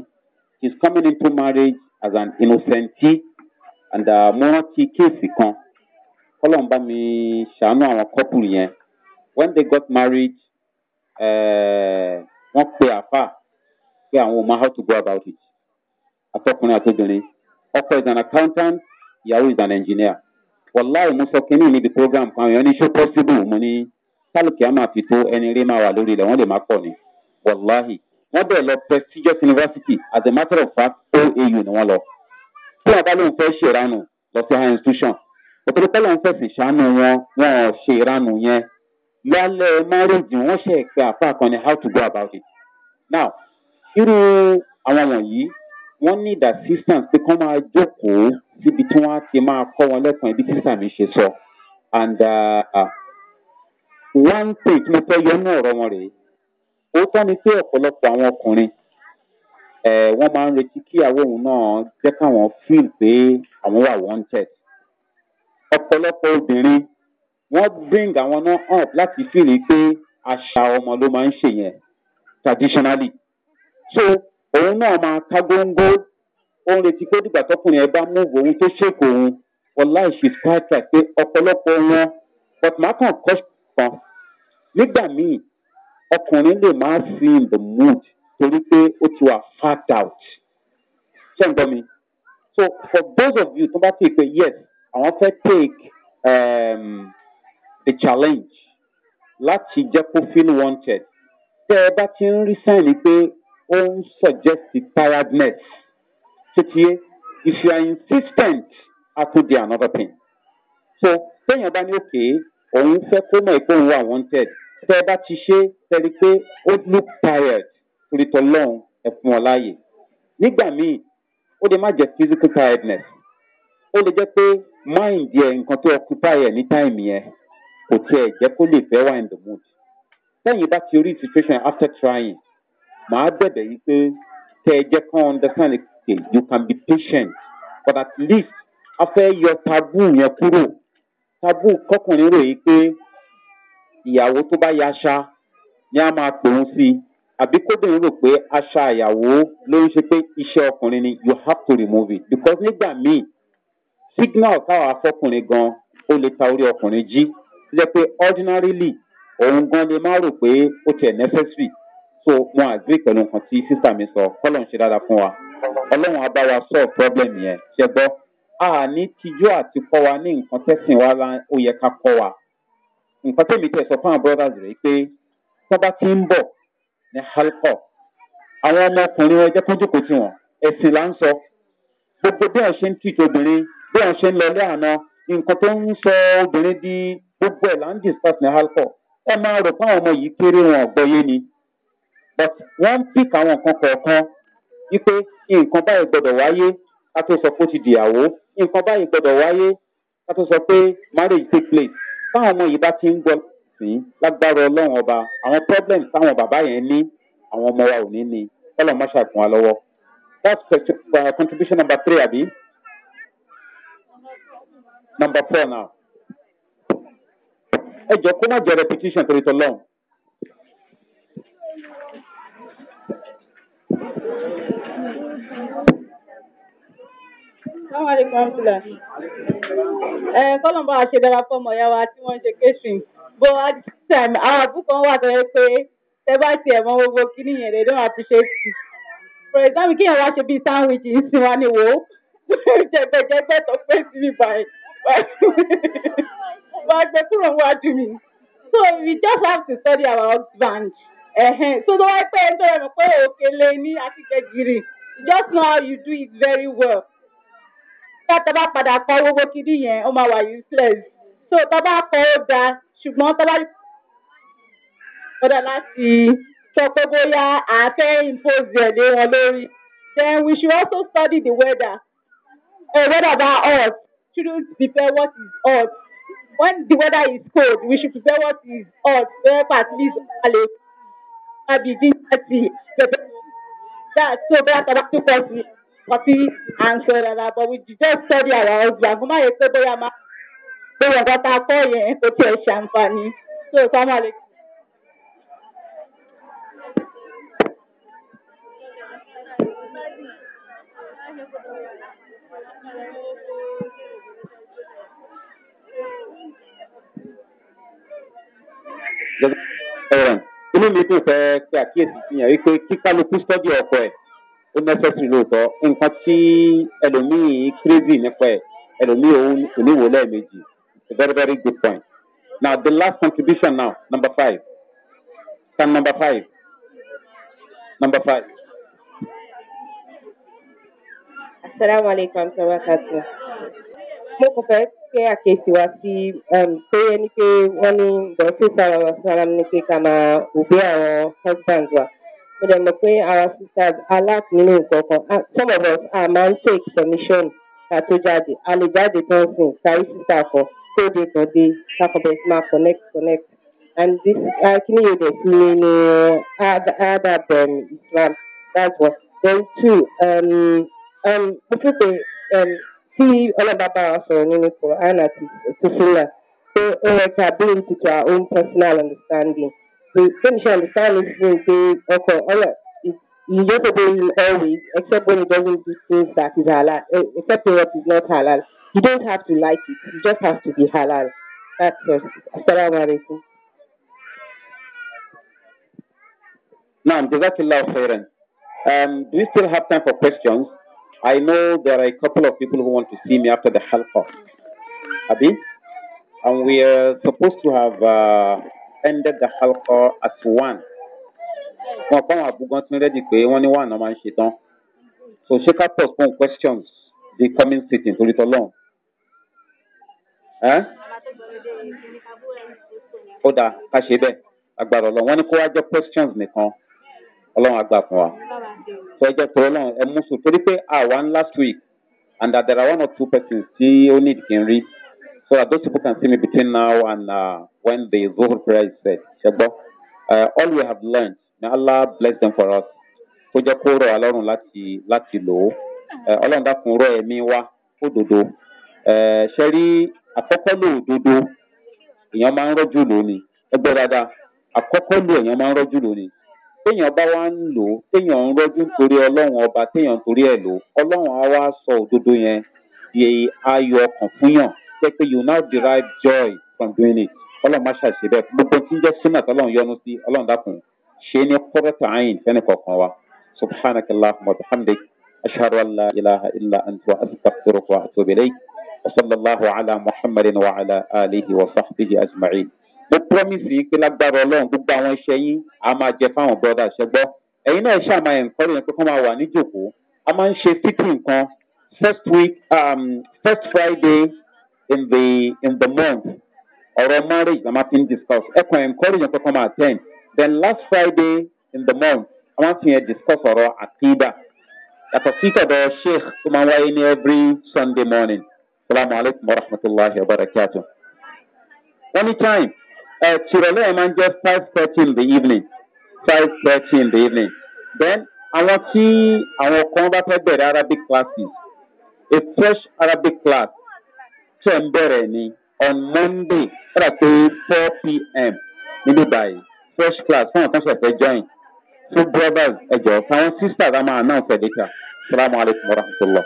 he is coming into marriage as an innocentee and mo rántí kéèsì kan kọ́lọ́n bá mi ṣàánú àwọn couple yẹn when they got married eh, wọ́n pe àfà pé àwọn ò mọ how to go about it atọ́kùnrin àtọ́bìnrin ọkọ is an accountant ìyàwó is an engineer wàláì mo sọ kínní níbi program kan èèyàn ní ṣó possible mo ní sálùkì á máa fi tó ẹni rí máa wà lórí ilẹ̀ wọ́n lè má pọ̀ ni wàláì wọ́n bẹ̀ lọ prestigious university as a matter of fact oau ni wọ́n lọ tí wọn bá lóun fẹ́ ṣèrànù lọ sí high institution òtòrí pẹ́ lóun fẹ̀sìn ṣàánú wọn wọn ò ṣèrànù yẹn lálẹ́ márùndínlẹ́ wọ́n ṣe pé àfa kan ni how to go about it now irú àwọn wọ̀nyí wọ́n need assistance pé kán máa jókòó síbi tí wọ́n á ti máa kọ́ wọn lẹ́kùn ibi tí sàmì ṣe sọ. and uh, uh, one thing tí mo fẹ́ yọ ní ọ̀rọ̀ wọn rèé ó tọ́ ni pé ọ̀pọ̀lọpọ̀ àwọn ọkùnrin wọ́n máa ń retí kí ìyàwó òun náà jẹ́ káwọn fíìl pé àwọn wà wanted. ọ̀pọ̀lọpọ̀ obìnrin wọ́n bring àwọn náà up láti fíìl pé àṣà ọmọ ló máa ń ṣèyẹn traditionally. so òun náà máa ká góńgó ó ń retí pé dìgbà tọkùnrin ẹ bá múùbù òun tó ṣèkò òun Life ìṣèṣ quite right pé ọ̀pọ̀lọpọ̀ wọn but màá kàn kọ́ kan nígbà míì ọkùnrin lè má sí in the mood torí pé ó ti wà fat out ṣé n gbọ́ mi so for those of you tó bá ti pé yes àwọn fẹ́ take um, the challenge láti jẹ́ kó feel wanted tẹ́ ẹ bá ti ń rí sáìn ni pé ó ń suggest tiredness titie if you are insistent I could be another thing so téèyàn bá ní òkè òun fẹ́ kó mọ̀ pé òun wà wanted tẹ́ ẹ bá ti ṣe tẹ́lẹ̀ pé ó look tired torí tọ́lọ́run ẹ̀ fún ọ láàyè nígbà míì ó lè má jẹ́ physical tiredness ó lè jẹ́ pé mind yẹ nǹkan tó occupy ẹ̀ ní time yẹn kò tiẹ̀ jẹ́ kó lè fẹ́ wà in the mood tẹ́yìn bá ti rí situation after trying màá bẹ̀bẹ̀ yìí pé tẹ́ ẹ jẹ́ kán understand okay you can be patient but at least a fẹ́ yọ taboo yẹn kúrò taboo kọkùnrin rò yìí pé ìyàwó tó bá yaṣa ni a máa pòun sí àbí kóbìnrin rò pé aṣa ìyàwó ló ń ṣe pé iṣẹ́ ọkùnrin ni you have to remove it because nígbà míì signal táwọn afọkùnrin gan ó lè ta orí ọkùnrin jí tó jẹ́ pé ordinarily òun gan lè má rò pé ó tiẹ̀ necessary so wọn àgbé pẹ̀lú nǹkan tí sísà mi sọ kọ́lọ̀ ń ṣe dáadáa fún wa ọlọ́run á bá wa sọ problem yẹn ṣe gbọ́ a ní tijú àti kọ́ wa ní nǹkan tẹ́sìn wa la ó yẹ ká kọ́ wa nǹkan tẹ̀mí tẹ̀ sọ fún àwọn brothers rẹ̀ pé sábà ti ń bọ̀ ní halkọ àwọn ọmọkùnrin wọn jẹ́ kójókòó tí wọn ẹ̀sìn là ń sọ gbogbo bí wọn ṣe ń tìjọ obìnrin bí wọn ṣe ń lọlé àná nǹkan tó ń sọ obìnrin di gbogbo ẹ̀ là ń discuss ní halkọ ẹ máa rò pé àwọn ọmọ yìí kéré wọn ọ̀gbọ́yé ni but wọ́n ń pick àwọn nǹkan kọ̀ọ̀kan wípé nǹkan báyìí gbọdọ̀ wáyé ká tó sọ pé ó ti dìyàwó nǹkan báyìí gbọdọ̀ wáyé ká tó sọ pé marriage take place táwọn ọmọ yìí bá ti ń gbọ́ sí lágbára ọlọ́run ọba àwọn problem táwọn bàbá yẹn ní àwọn ọmọ wa ò ní ni kọ́lọ̀ má ṣàgùn wa lọ́wọ́ that's uh, contribution number three àbí number four now ẹ jọ kó má jẹ repetition torí tọ́lọ́run. Assalamu alaikum warahmatullah. Ẹ eh, kọ́lọ́mbà ṣe dára fọmọ ìyá wa tí wọ́n ń ṣe catering. Bó wá time àwọn àbúkọ wà tó yẹ pé tẹ bá tiẹ̀ mọ gbogbo kíní yẹn they don't appreciate it. For example, kíyàn wá ṣe bíi sandwich ń sin wa ni wò ó. Jẹgbẹjẹgbẹ tó pé sí mi báyìí. Wàá gbé kúrò wájú mi. So we just have to study our husband. So tó wá pé ẹni tó yẹ mọ̀ pé òkèlè ní àti gẹ̀gìrì. Just know how you do it very well tọ́ bá padà kọ gbogbo kìíní yẹn ó máa wà useless so tọ́ bá kọ ó da ṣùgbọ́n tọ́ bá ọ̀dà láti sọ pé bóyá àáfẹ́ impose ẹ̀ lé wọn lórí then we should also study the weather uh, weather about us shouldn't prepare what is us. when the weather is cold we should prepare what is hot where at least a lè a begin to see that so bóyá tọ́ bá tún pọ̀ sí i nǹkan à ń sọ rárá but we just study our husband kó má yẹ pé bóyá máa pé nǹkan tá a kọ́ yẹn kò tiẹ̀ ṣe àǹfààní so sáwọn àlejò. inú mi dùn fẹ́ pé àkíyèsí fi hàn wípé kíkálukú sọ́dí ọkọ ẹ̀ ó lóòótọ́ nǹkan tí ẹlòmíì crazy nípa ẹ̀ ẹlòmíì òun lẹ́ẹ̀mejì a very very good point now the last contribution now number five can number five number five. asalaamu aleykum ṣe wá mo kò fẹ́ pé àkèsí wa sí um, pé ẹni pé wọ́n ní bẹ̀rẹ̀ sí sàrọ̀ sàrọ̀ ní pé ká máa òbí àwọn husband wa. mo dẹ̀ mọ̀ sisters, àwọn like aláàtúnú nǹkan some of us a man take permission tó judge. a judge jáde tán sìn sister for tó dé kan dé kákan connect connect and this I yóò dẹ̀ sí um, islam that's what. then two um, um, mo fi um, tí ọlọ́ba bá wa sọ̀rọ̀ nínú quran àti tuntun náà to ó our own personal understanding the finishing the silence will be okay, oh, all right. You know the doing always, except when it doesn't do things that is halal, eh, except when it is not halal. You don't have to like it, you just have to be halal. That's it. Assalamu alaikum. Now, Jazakallah Khairan. Um, do we still have time for questions? I know there are a couple of people who want to see me after the halqa. Abi? And we are supposed to have. Uh, ẹ̀ńdẹ́gà halkọ at one wọn pa àwọn àbúgbọ́n tí ń rẹ́dì pé wọ́n ní one ọmọ ń ṣe tán so ṣé ká postpone questions the coming sitting torí tọ́lọ́hún. ó dáa ká ṣe bẹ́ẹ̀ agbára ọlọ́run wọ́n ní kó wá jẹ́ questions nìkan ọlọ́run àgbà fún wa so ẹ jẹ́ pé ọlọ́run ẹ mú sùn torí pé àwa ń last week and that there are one or two persons tí ó need kí n rí. so that those people can see me between now and uh, when the Zuhur prayer is said. Uh, all we have learned, may Allah bless them for us. láti láti lò ó. Uh, Ọlọ́run dákun ẹ̀mí wá uh, Ṣé rí àkọ́kọ́ ọba téèyàn torí ẹ̀ lò sọ òdodo yẹn di ayọ̀ ọkàn jẹ́ pé you now derive joy from doing it ọlọ́run má ṣàṣe bẹ́ẹ̀ gbogbo tí ń jẹ́ súnà tọ́lọ́run yọnu sí ọlọ́run dákun ṣe ní kọ́rẹ́tà ayin fẹ́ni kọ̀ọ̀kan wa subhanaka allahumma wa bihamdik ashhadu an ilaha illa anta wa astaghfiruka wa atubu ilayk wa ala muhammadin wa ala alihi wa sahbihi ajma'in mo promise yín pé lágbára ọlọ́run gbogbo àwọn iṣẹ́ yín a máa jẹ fáwọn brọ́dà ṣẹgbọ́ ẹ̀yin náà ṣáà máa ẹ̀ǹkọ́rì yẹn pé kọ́ máa wà níjòkó a máa ń ṣe títì nǹkan first week um, first friday in the in the month ọ̀rọ̀ marriage na máa fi discuss ẹ kàn encourage to come máa attend then last friday in the month I want to yẹn discuss ọ̀rọ̀ akida yàtọ̀ sí tọ̀dọ̀ sheikh tó máa ń wáyé ní every sunday morning Salaam alaikum wa rahmatullahi wa barakatuh wọ́n ní time ẹ̀ tìrọ̀lẹ́ I'm just 5:30 in the evening 5:30 in the evening then àwọn tí àwọn kan bá fẹ́ bẹ̀rẹ̀ arabic classes a fresh arabic class term bẹ̀rẹ̀ ni on monday rárá pé four pm níbí báyìí First class fún ọ̀kan ṣẹ̀fẹ̀ join two brothers ẹ̀jọ̀ fún àwọn sisters àwọn àna ọ̀sẹ̀ dẹ́ka salamu alaykum wa rahmatulah.